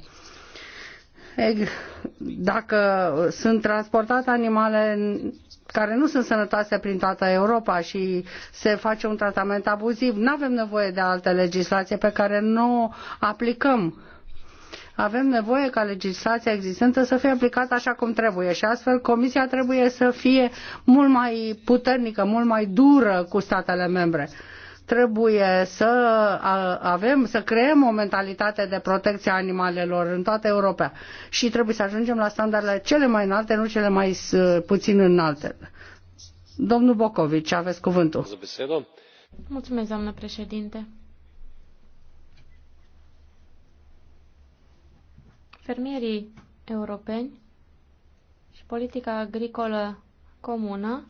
dacă sunt transportate animale care nu sunt sănătoase prin toată Europa și se face un tratament abuziv, nu avem nevoie de altă legislație pe care nu o aplicăm. Avem nevoie ca legislația existentă să fie aplicată așa cum trebuie și astfel Comisia trebuie să fie mult mai puternică, mult mai dură cu statele membre Trebuie să avem, să creăm o mentalitate de protecție a animalelor în toată Europa și trebuie să ajungem la standardele cele mai înalte, nu cele mai puțin înalte. Domnul Bocovici, aveți cuvântul. Mulțumesc, doamnă președinte. Fermierii europeni și politica agricolă comună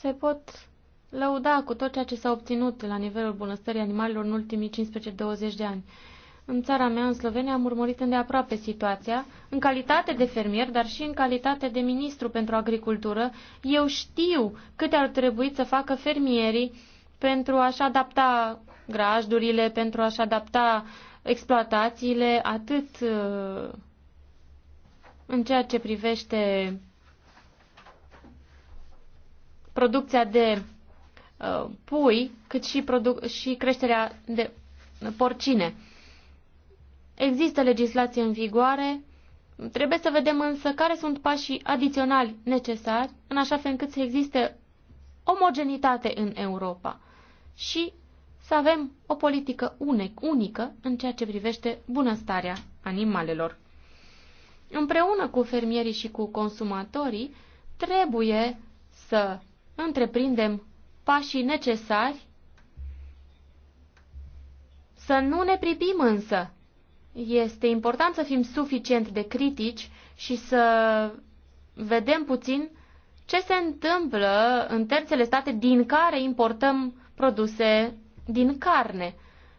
se pot lăuda cu tot ceea ce s-a obținut la nivelul bunăstării animalelor în ultimii 15-20 de ani. În țara mea, în Slovenia, am urmărit îndeaproape situația. În calitate de fermier, dar și în calitate de ministru pentru agricultură, eu știu câte ar trebui să facă fermierii pentru a-și adapta grajdurile, pentru a-și adapta exploatațiile, atât uh, în ceea ce privește producția de Uh, pui, cât și, produc- și creșterea de porcine. Există legislație în vigoare, trebuie să vedem însă care sunt pașii adiționali necesari, în așa fel încât să existe omogenitate în Europa și să avem o politică unic, unică în ceea ce privește bunăstarea animalelor. Împreună cu fermierii și cu consumatorii, trebuie să întreprindem pașii necesari. Să nu ne pripim însă. Este important să fim suficient de critici și să vedem puțin ce se întâmplă în terțele state din care importăm produse din carne.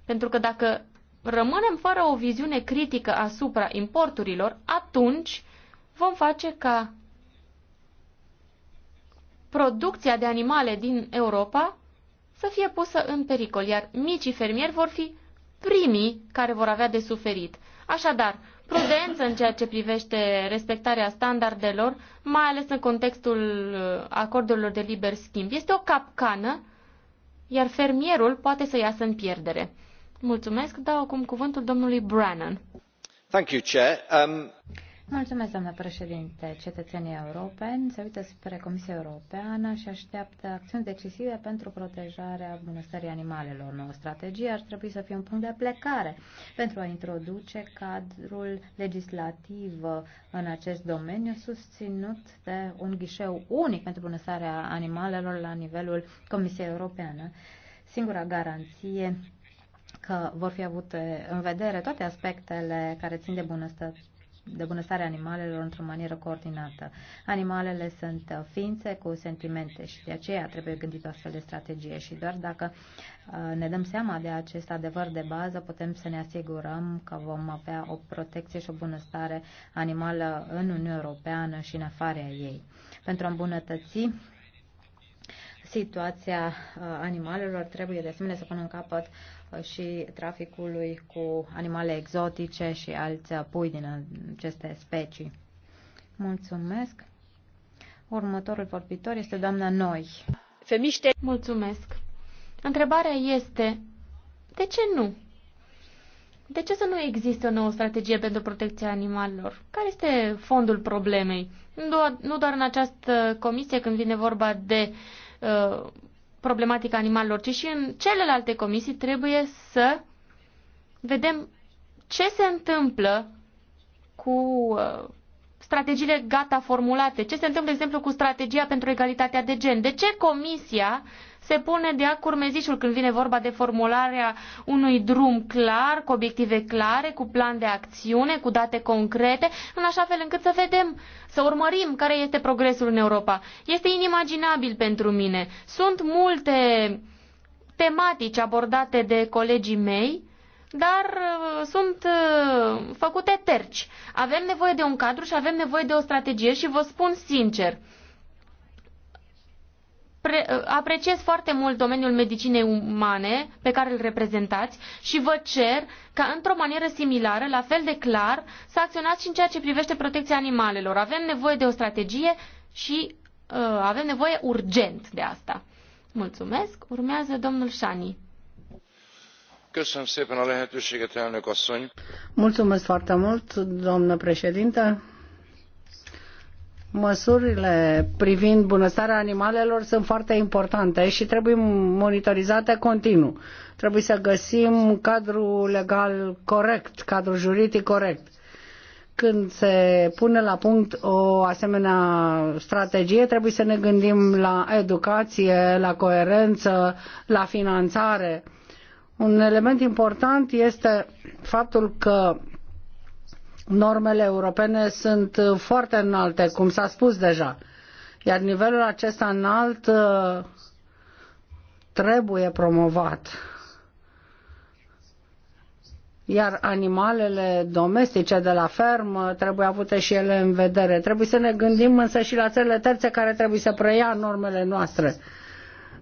Pentru că dacă rămânem fără o viziune critică asupra importurilor, atunci vom face ca producția de animale din Europa să fie pusă în pericol, iar micii fermieri vor fi primii care vor avea de suferit. Așadar, prudență în ceea ce privește respectarea standardelor, mai ales în contextul acordurilor de liber schimb. Este o capcană, iar fermierul poate să iasă în pierdere. Mulțumesc, dau acum cuvântul domnului Brannan. Thank you, Chair. Um... Mulțumesc, doamnă președinte. Cetățenii europeni se uită spre Comisia Europeană și așteaptă acțiuni decisive pentru protejarea bunăstării animalelor. Noua strategie ar trebui să fie un punct de plecare pentru a introduce cadrul legislativ în acest domeniu susținut de un ghișeu unic pentru bunăstarea animalelor la nivelul Comisiei Europeană. Singura garanție că vor fi avute în vedere toate aspectele care țin de bunăstare de bunăstare animalelor într-o manieră coordonată. Animalele sunt ființe cu sentimente și de aceea trebuie gândit o astfel de strategie și doar dacă uh, ne dăm seama de acest adevăr de bază, putem să ne asigurăm că vom avea o protecție și o bunăstare animală în Uniunea Europeană și în afara ei. Pentru a îmbunătăți situația uh, animalelor, trebuie de asemenea să punem capăt și traficului cu animale exotice și alți pui din aceste specii. Mulțumesc. Următorul vorbitor este doamna Noi. Femiște. Mulțumesc. Întrebarea este, de ce nu? De ce să nu existe o nouă strategie pentru protecția animalelor? Care este fondul problemei? Nu doar, nu doar în această comisie când vine vorba de uh, problematica animalelor, ci și în celelalte comisii trebuie să vedem ce se întâmplă cu uh, strategiile gata formulate, ce se întâmplă, de exemplu, cu strategia pentru egalitatea de gen. De ce comisia se pune de-a curmezișul când vine vorba de formularea unui drum clar, cu obiective clare, cu plan de acțiune, cu date concrete, în așa fel încât să vedem, să urmărim care este progresul în Europa. Este inimaginabil pentru mine. Sunt multe tematici abordate de colegii mei, dar uh, sunt uh, făcute terci. Avem nevoie de un cadru și avem nevoie de o strategie și vă spun sincer, apreciez foarte mult domeniul medicinei umane pe care îl reprezentați și vă cer ca într-o manieră similară, la fel de clar, să acționați și în ceea ce privește protecția animalelor. Avem nevoie de o strategie și uh, avem nevoie urgent de asta. Mulțumesc. Urmează domnul Șani. Mulțumesc foarte mult, doamnă președintă măsurile privind bunăstarea animalelor sunt foarte importante și trebuie monitorizate continuu. Trebuie să găsim cadrul legal corect, cadrul juridic corect. Când se pune la punct o asemenea strategie, trebuie să ne gândim la educație, la coerență, la finanțare. Un element important este faptul că normele europene sunt uh, foarte înalte, cum s-a spus deja. Iar nivelul acesta înalt uh, trebuie promovat. Iar animalele domestice de la fermă uh, trebuie avute și ele în vedere. Trebuie să ne gândim însă și la țările terțe care trebuie să preia normele noastre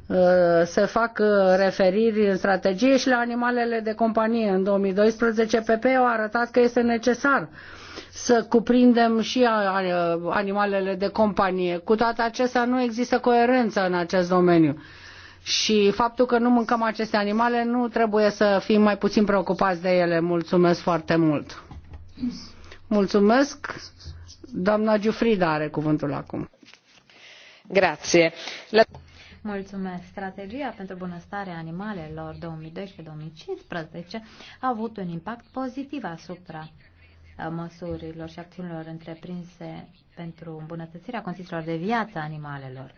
Uh, se fac uh, referiri în strategie și la animalele de companie. În 2012 PP a arătat că este necesar să cuprindem și uh, animalele de companie. Cu toate acestea nu există coerență în acest domeniu. Și faptul că nu mâncăm aceste animale nu trebuie să fim mai puțin preocupați de ele. Mulțumesc foarte mult. Mulțumesc. Doamna Giufrida are cuvântul acum. Grazie. La... Mulțumesc! Strategia pentru bunăstarea animalelor 2012-2015 a avut un impact pozitiv asupra uh, măsurilor și acțiunilor întreprinse pentru îmbunătățirea condițiilor de viață a animalelor.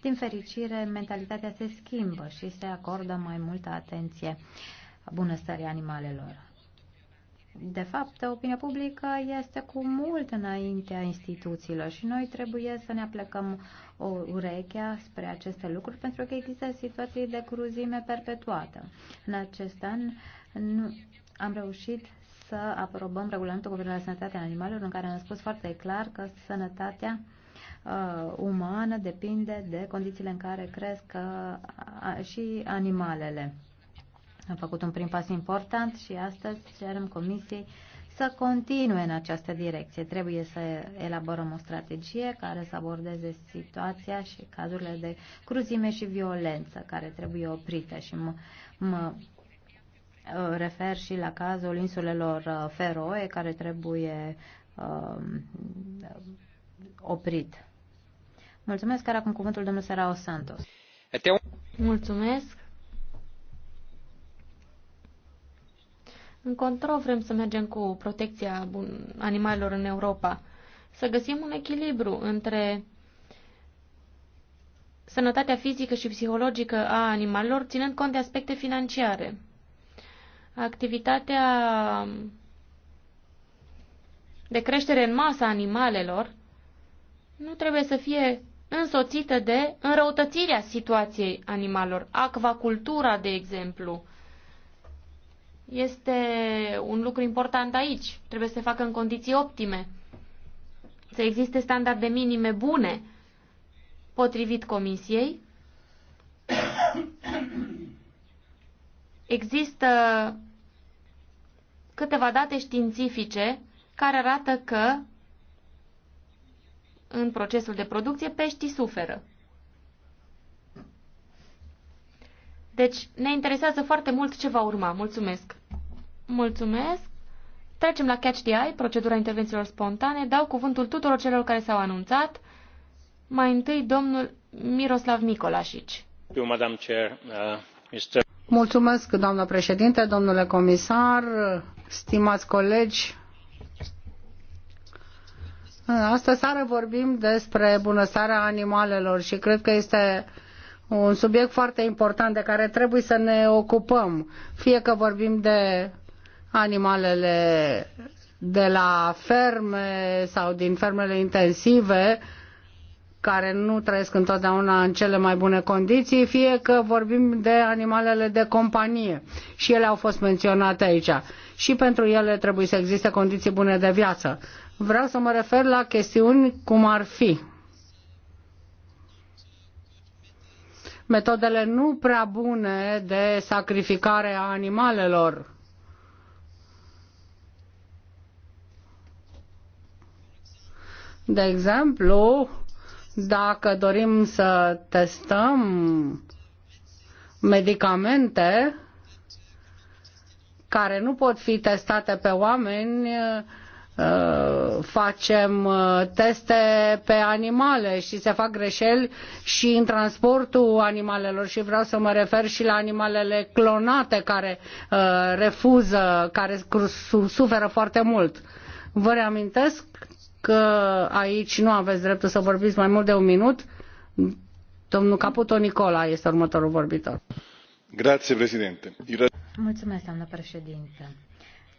Din fericire, mentalitatea se schimbă și se acordă mai multă atenție bunăstării animalelor. De fapt, opinia publică este cu mult înaintea instituțiilor și noi trebuie să ne aplecăm o urechea spre aceste lucruri pentru că există situații de cruzime perpetuată. În acest an nu, am reușit să aprobăm regulamentul cu privire la sănătatea animalelor în care am spus foarte clar că sănătatea uh, umană depinde de condițiile în care cresc uh, și animalele. Am făcut un prim pas important și astăzi cerem Comisiei să continue în această direcție. Trebuie să elaborăm o strategie care să abordeze situația și cazurile de cruzime și violență care trebuie oprite și mă, mă uh, refer și la cazul insulelor uh, Feroe care trebuie uh, oprit. Mulțumesc, care acum cuvântul domnul Serao Santos. Mulțumesc. Încotro vrem să mergem cu protecția animalelor în Europa. Să găsim un echilibru între sănătatea fizică și psihologică a animalelor, ținând cont de aspecte financiare. Activitatea de creștere în masă a animalelor nu trebuie să fie însoțită de înrăutățirea situației animalelor. Acvacultura, de exemplu, este un lucru important aici. Trebuie să se facă în condiții optime, să existe standarde minime bune, potrivit Comisiei. Există câteva date științifice care arată că în procesul de producție peștii suferă. Deci ne interesează foarte mult ce va urma. Mulțumesc! Mulțumesc! Trecem la Catch the Eye, procedura intervențiilor spontane. Dau cuvântul tuturor celor care s-au anunțat. Mai întâi, domnul Miroslav Nicolașici. Uh, Mulțumesc, doamnă președinte, domnule comisar, stimați colegi. Astăzi seară vorbim despre bunăstarea animalelor și cred că este un subiect foarte important de care trebuie să ne ocupăm, fie că vorbim de animalele de la ferme sau din fermele intensive, care nu trăiesc întotdeauna în cele mai bune condiții, fie că vorbim de animalele de companie. Și ele au fost menționate aici. Și pentru ele trebuie să existe condiții bune de viață. Vreau să mă refer la chestiuni cum ar fi metodele nu prea bune de sacrificare a animalelor. De exemplu, dacă dorim să testăm medicamente care nu pot fi testate pe oameni, Uh, facem uh, teste pe animale și se fac greșeli și în transportul animalelor și vreau să mă refer și la animalele clonate care uh, refuză, care suferă foarte mult. Vă reamintesc că aici nu aveți dreptul să vorbiți mai mult de un minut. Domnul Caputo Nicola este următorul vorbitor. Grazie, Mulțumesc, doamnă președinte.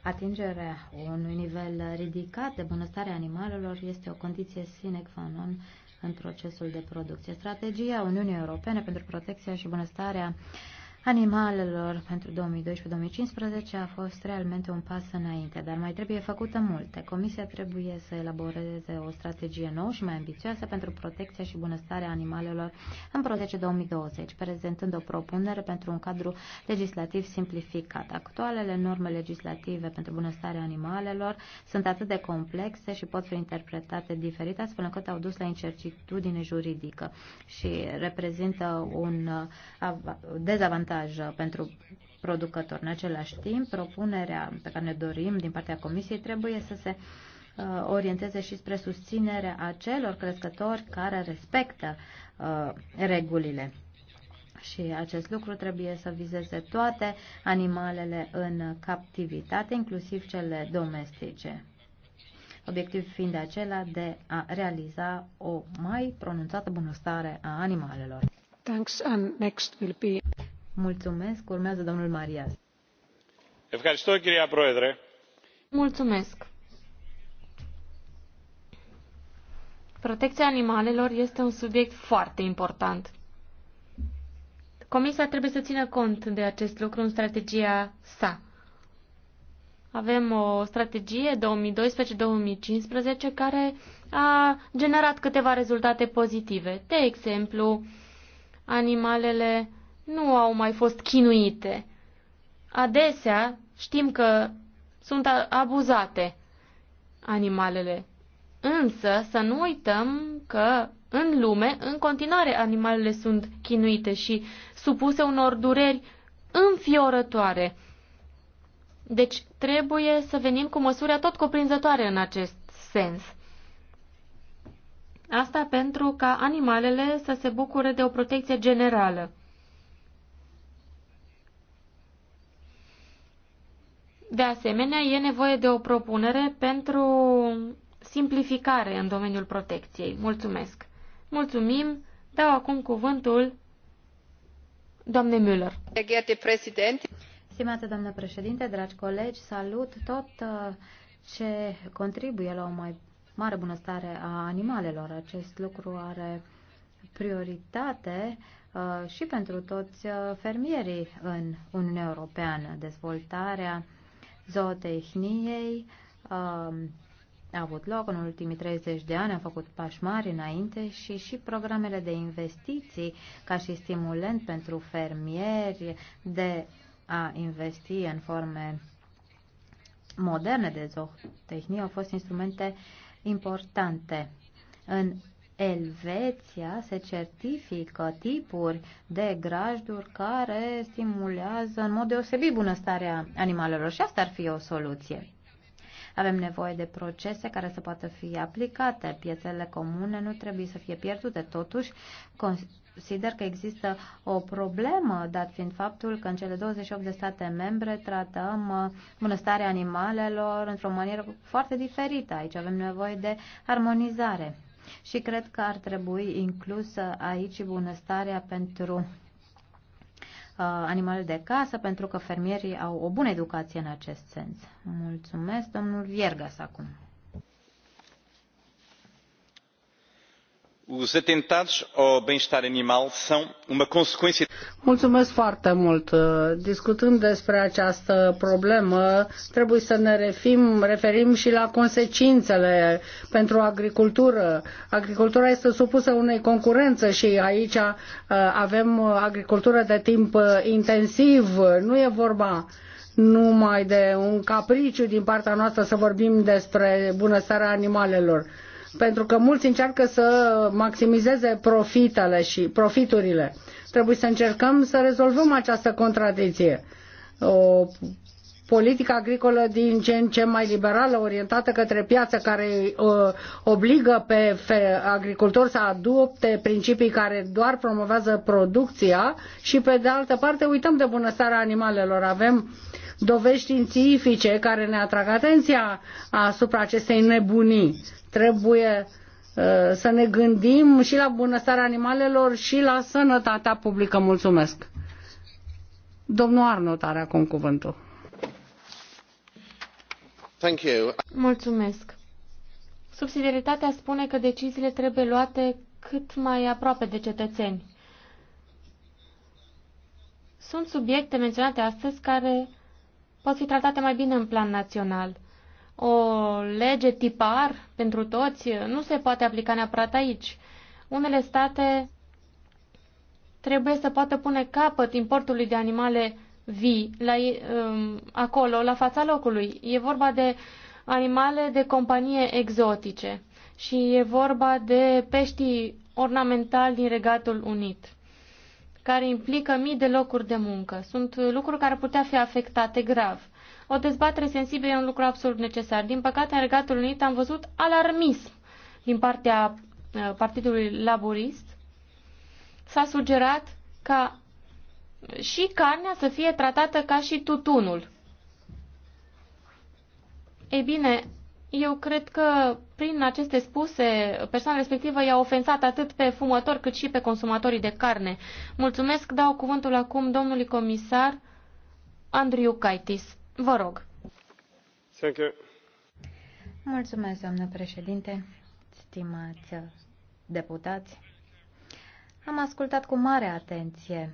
Atingerea unui nivel ridicat de bunăstare animalelor este o condiție sine qua non în procesul de producție. Strategia Uniunii Europene pentru protecția și bunăstarea animalelor pentru 2012-2015 a fost realmente un pas înainte, dar mai trebuie făcută multe. Comisia trebuie să elaboreze o strategie nouă și mai ambițioasă pentru protecția și bunăstarea animalelor în Protece 2020, prezentând o propunere pentru un cadru legislativ simplificat. Actualele norme legislative pentru bunăstarea animalelor sunt atât de complexe și pot fi interpretate diferit, astfel încât au dus la incertitudine juridică și reprezintă un dezavantaj avantaj uh, pentru producători. În același timp, propunerea pe care ne dorim din partea Comisiei trebuie să se uh, orienteze și spre susținerea acelor crescători care respectă uh, regulile. Și acest lucru trebuie să vizeze toate animalele în captivitate, inclusiv cele domestice. Obiectiv fiind acela de a realiza o mai pronunțată bunăstare a animalelor. Thanks and next will be Mulțumesc. Urmează domnul Marias. Mulțumesc. Protecția animalelor este un subiect foarte important. Comisia trebuie să țină cont de acest lucru în strategia sa. Avem o strategie 2012-2015 care a generat câteva rezultate pozitive. De exemplu, animalele nu au mai fost chinuite. Adesea știm că sunt abuzate animalele. Însă să nu uităm că în lume, în continuare, animalele sunt chinuite și supuse unor dureri înfiorătoare. Deci trebuie să venim cu măsuri tot cuprinzătoare în acest sens. Asta pentru ca animalele să se bucure de o protecție generală. De asemenea, e nevoie de o propunere pentru simplificare în domeniul protecției. Mulțumesc! Mulțumim! Dau acum cuvântul doamnei Müller. Stimată doamnă președinte, dragi colegi, salut tot uh, ce contribuie la o mai mare bunăstare a animalelor. Acest lucru are prioritate uh, și pentru toți uh, fermierii în Uniunea Europeană. Dezvoltarea zootehniei um, a avut loc în ultimii 30 de ani, a făcut pași mari înainte și și programele de investiții ca și stimulent pentru fermieri de a investi în forme moderne de zootehnie au fost instrumente importante. În Elveția se certifică tipuri de grajduri care stimulează în mod deosebit bunăstarea animalelor și asta ar fi o soluție. Avem nevoie de procese care să poată fi aplicate. Piețele comune nu trebuie să fie pierdute. Totuși, consider că există o problemă, dat fiind faptul că în cele 28 de state membre tratăm uh, bunăstarea animalelor într-o manieră foarte diferită. Aici avem nevoie de armonizare și cred că ar trebui inclusă aici bunăstarea pentru uh, animal de casă, pentru că fermierii au o bună educație în acest sens. Mulțumesc, domnul Viergas, acum. Os atentados ao bem-estar animal são uma consequência. Mulțumesc foarte mult. Discutând despre această problemă, trebuie să ne refim, referim și la consecințele pentru agricultură. Agricultura este supusă unei concurențe și aici uh, avem agricultură de timp uh, intensiv. Nu e vorba numai de un capriciu din partea noastră să vorbim despre bunăstarea animalelor pentru că mulți încearcă să maximizeze profitele și profiturile. Trebuie să încercăm să rezolvăm această contradicție. O politică agricolă din ce în ce mai liberală, orientată către piață, care uh, obligă pe agricultori să adopte principii care doar promovează producția și, pe de altă parte, uităm de bunăstarea animalelor. Avem dovezi științifice care ne atrag atenția asupra acestei nebunii. Trebuie uh, să ne gândim și la bunăstarea animalelor și la sănătatea publică. Mulțumesc. Domnul Arnot are acum cuvântul. Mulțumesc. Subsidiaritatea spune că deciziile trebuie luate cât mai aproape de cetățeni. Sunt subiecte menționate astăzi care pot fi tratate mai bine în plan național. O lege tipar pentru toți nu se poate aplica neapărat aici. Unele state trebuie să poată pune capăt importului de animale vii la, um, acolo, la fața locului. E vorba de animale de companie exotice și e vorba de peștii ornamentali din Regatul Unit care implică mii de locuri de muncă. Sunt lucruri care putea fi afectate grav. O dezbatere sensibilă e un lucru absolut necesar. Din păcate, în Regatul Unit am văzut alarmism din partea uh, Partidului Laborist. S-a sugerat ca și carnea să fie tratată ca și tutunul. Ei bine, eu cred că prin aceste spuse, persoana respectivă i-a ofensat atât pe fumători cât și pe consumatorii de carne. Mulțumesc, dau cuvântul acum domnului comisar Andriu Caitis. Vă rog. Thank you. Mulțumesc, doamnă președinte, stimați deputați. Am ascultat cu mare atenție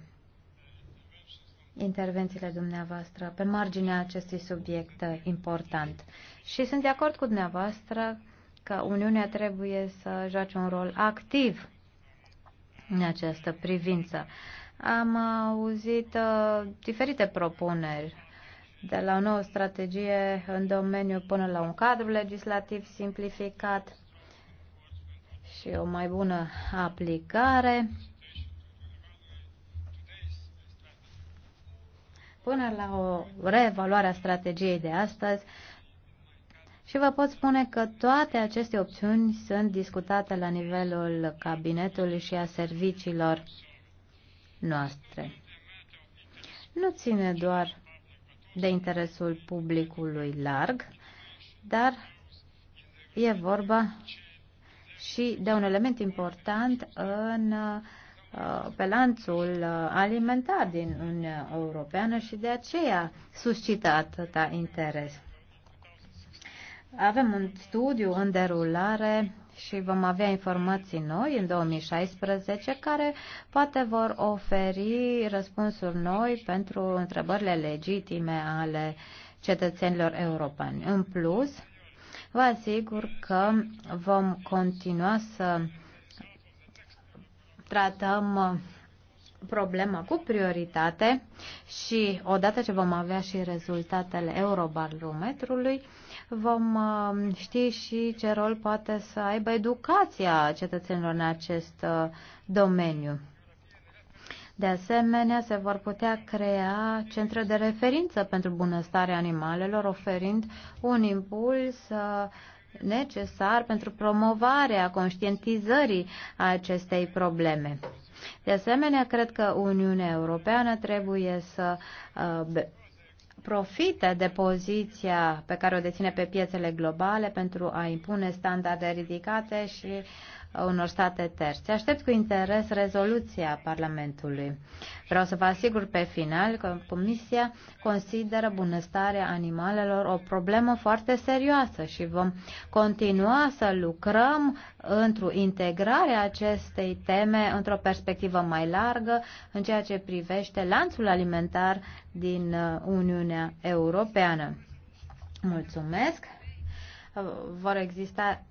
intervențiile dumneavoastră pe marginea acestui subiect important. Și sunt de acord cu dumneavoastră că Uniunea trebuie să joace un rol activ în această privință. Am auzit uh, diferite propuneri, de la o nouă strategie în domeniu până la un cadru legislativ simplificat și o mai bună aplicare. Până la o reevaluare a strategiei de astăzi, și vă pot spune că toate aceste opțiuni sunt discutate la nivelul cabinetului și a serviciilor noastre. Nu ține doar de interesul publicului larg, dar e vorba și de un element important în, uh, pe lanțul uh, alimentar din Uniunea Europeană și de aceea suscită atâta interes. Avem un studiu în derulare și vom avea informații noi în 2016 care poate vor oferi răspunsuri noi pentru întrebările legitime ale cetățenilor europeni. În plus, vă asigur că vom continua să tratăm problema cu prioritate și odată ce vom avea și rezultatele Eurobarometrului, vom uh, ști și ce rol poate să aibă educația cetățenilor în acest uh, domeniu. De asemenea, se vor putea crea centre de referință pentru bunăstarea animalelor, oferind un impuls uh, necesar pentru promovarea conștientizării acestei probleme. De asemenea, cred că Uniunea Europeană trebuie să profite de poziția pe care o deține pe piețele globale pentru a impune standarde ridicate și unor state terțe. Aștept cu interes rezoluția Parlamentului. Vreau să vă asigur pe final că Comisia consideră bunăstarea animalelor o problemă foarte serioasă și vom continua să lucrăm într-o integrare a acestei teme într-o perspectivă mai largă în ceea ce privește lanțul alimentar din uh, Uniunea Europeană. Mulțumesc! Vor exista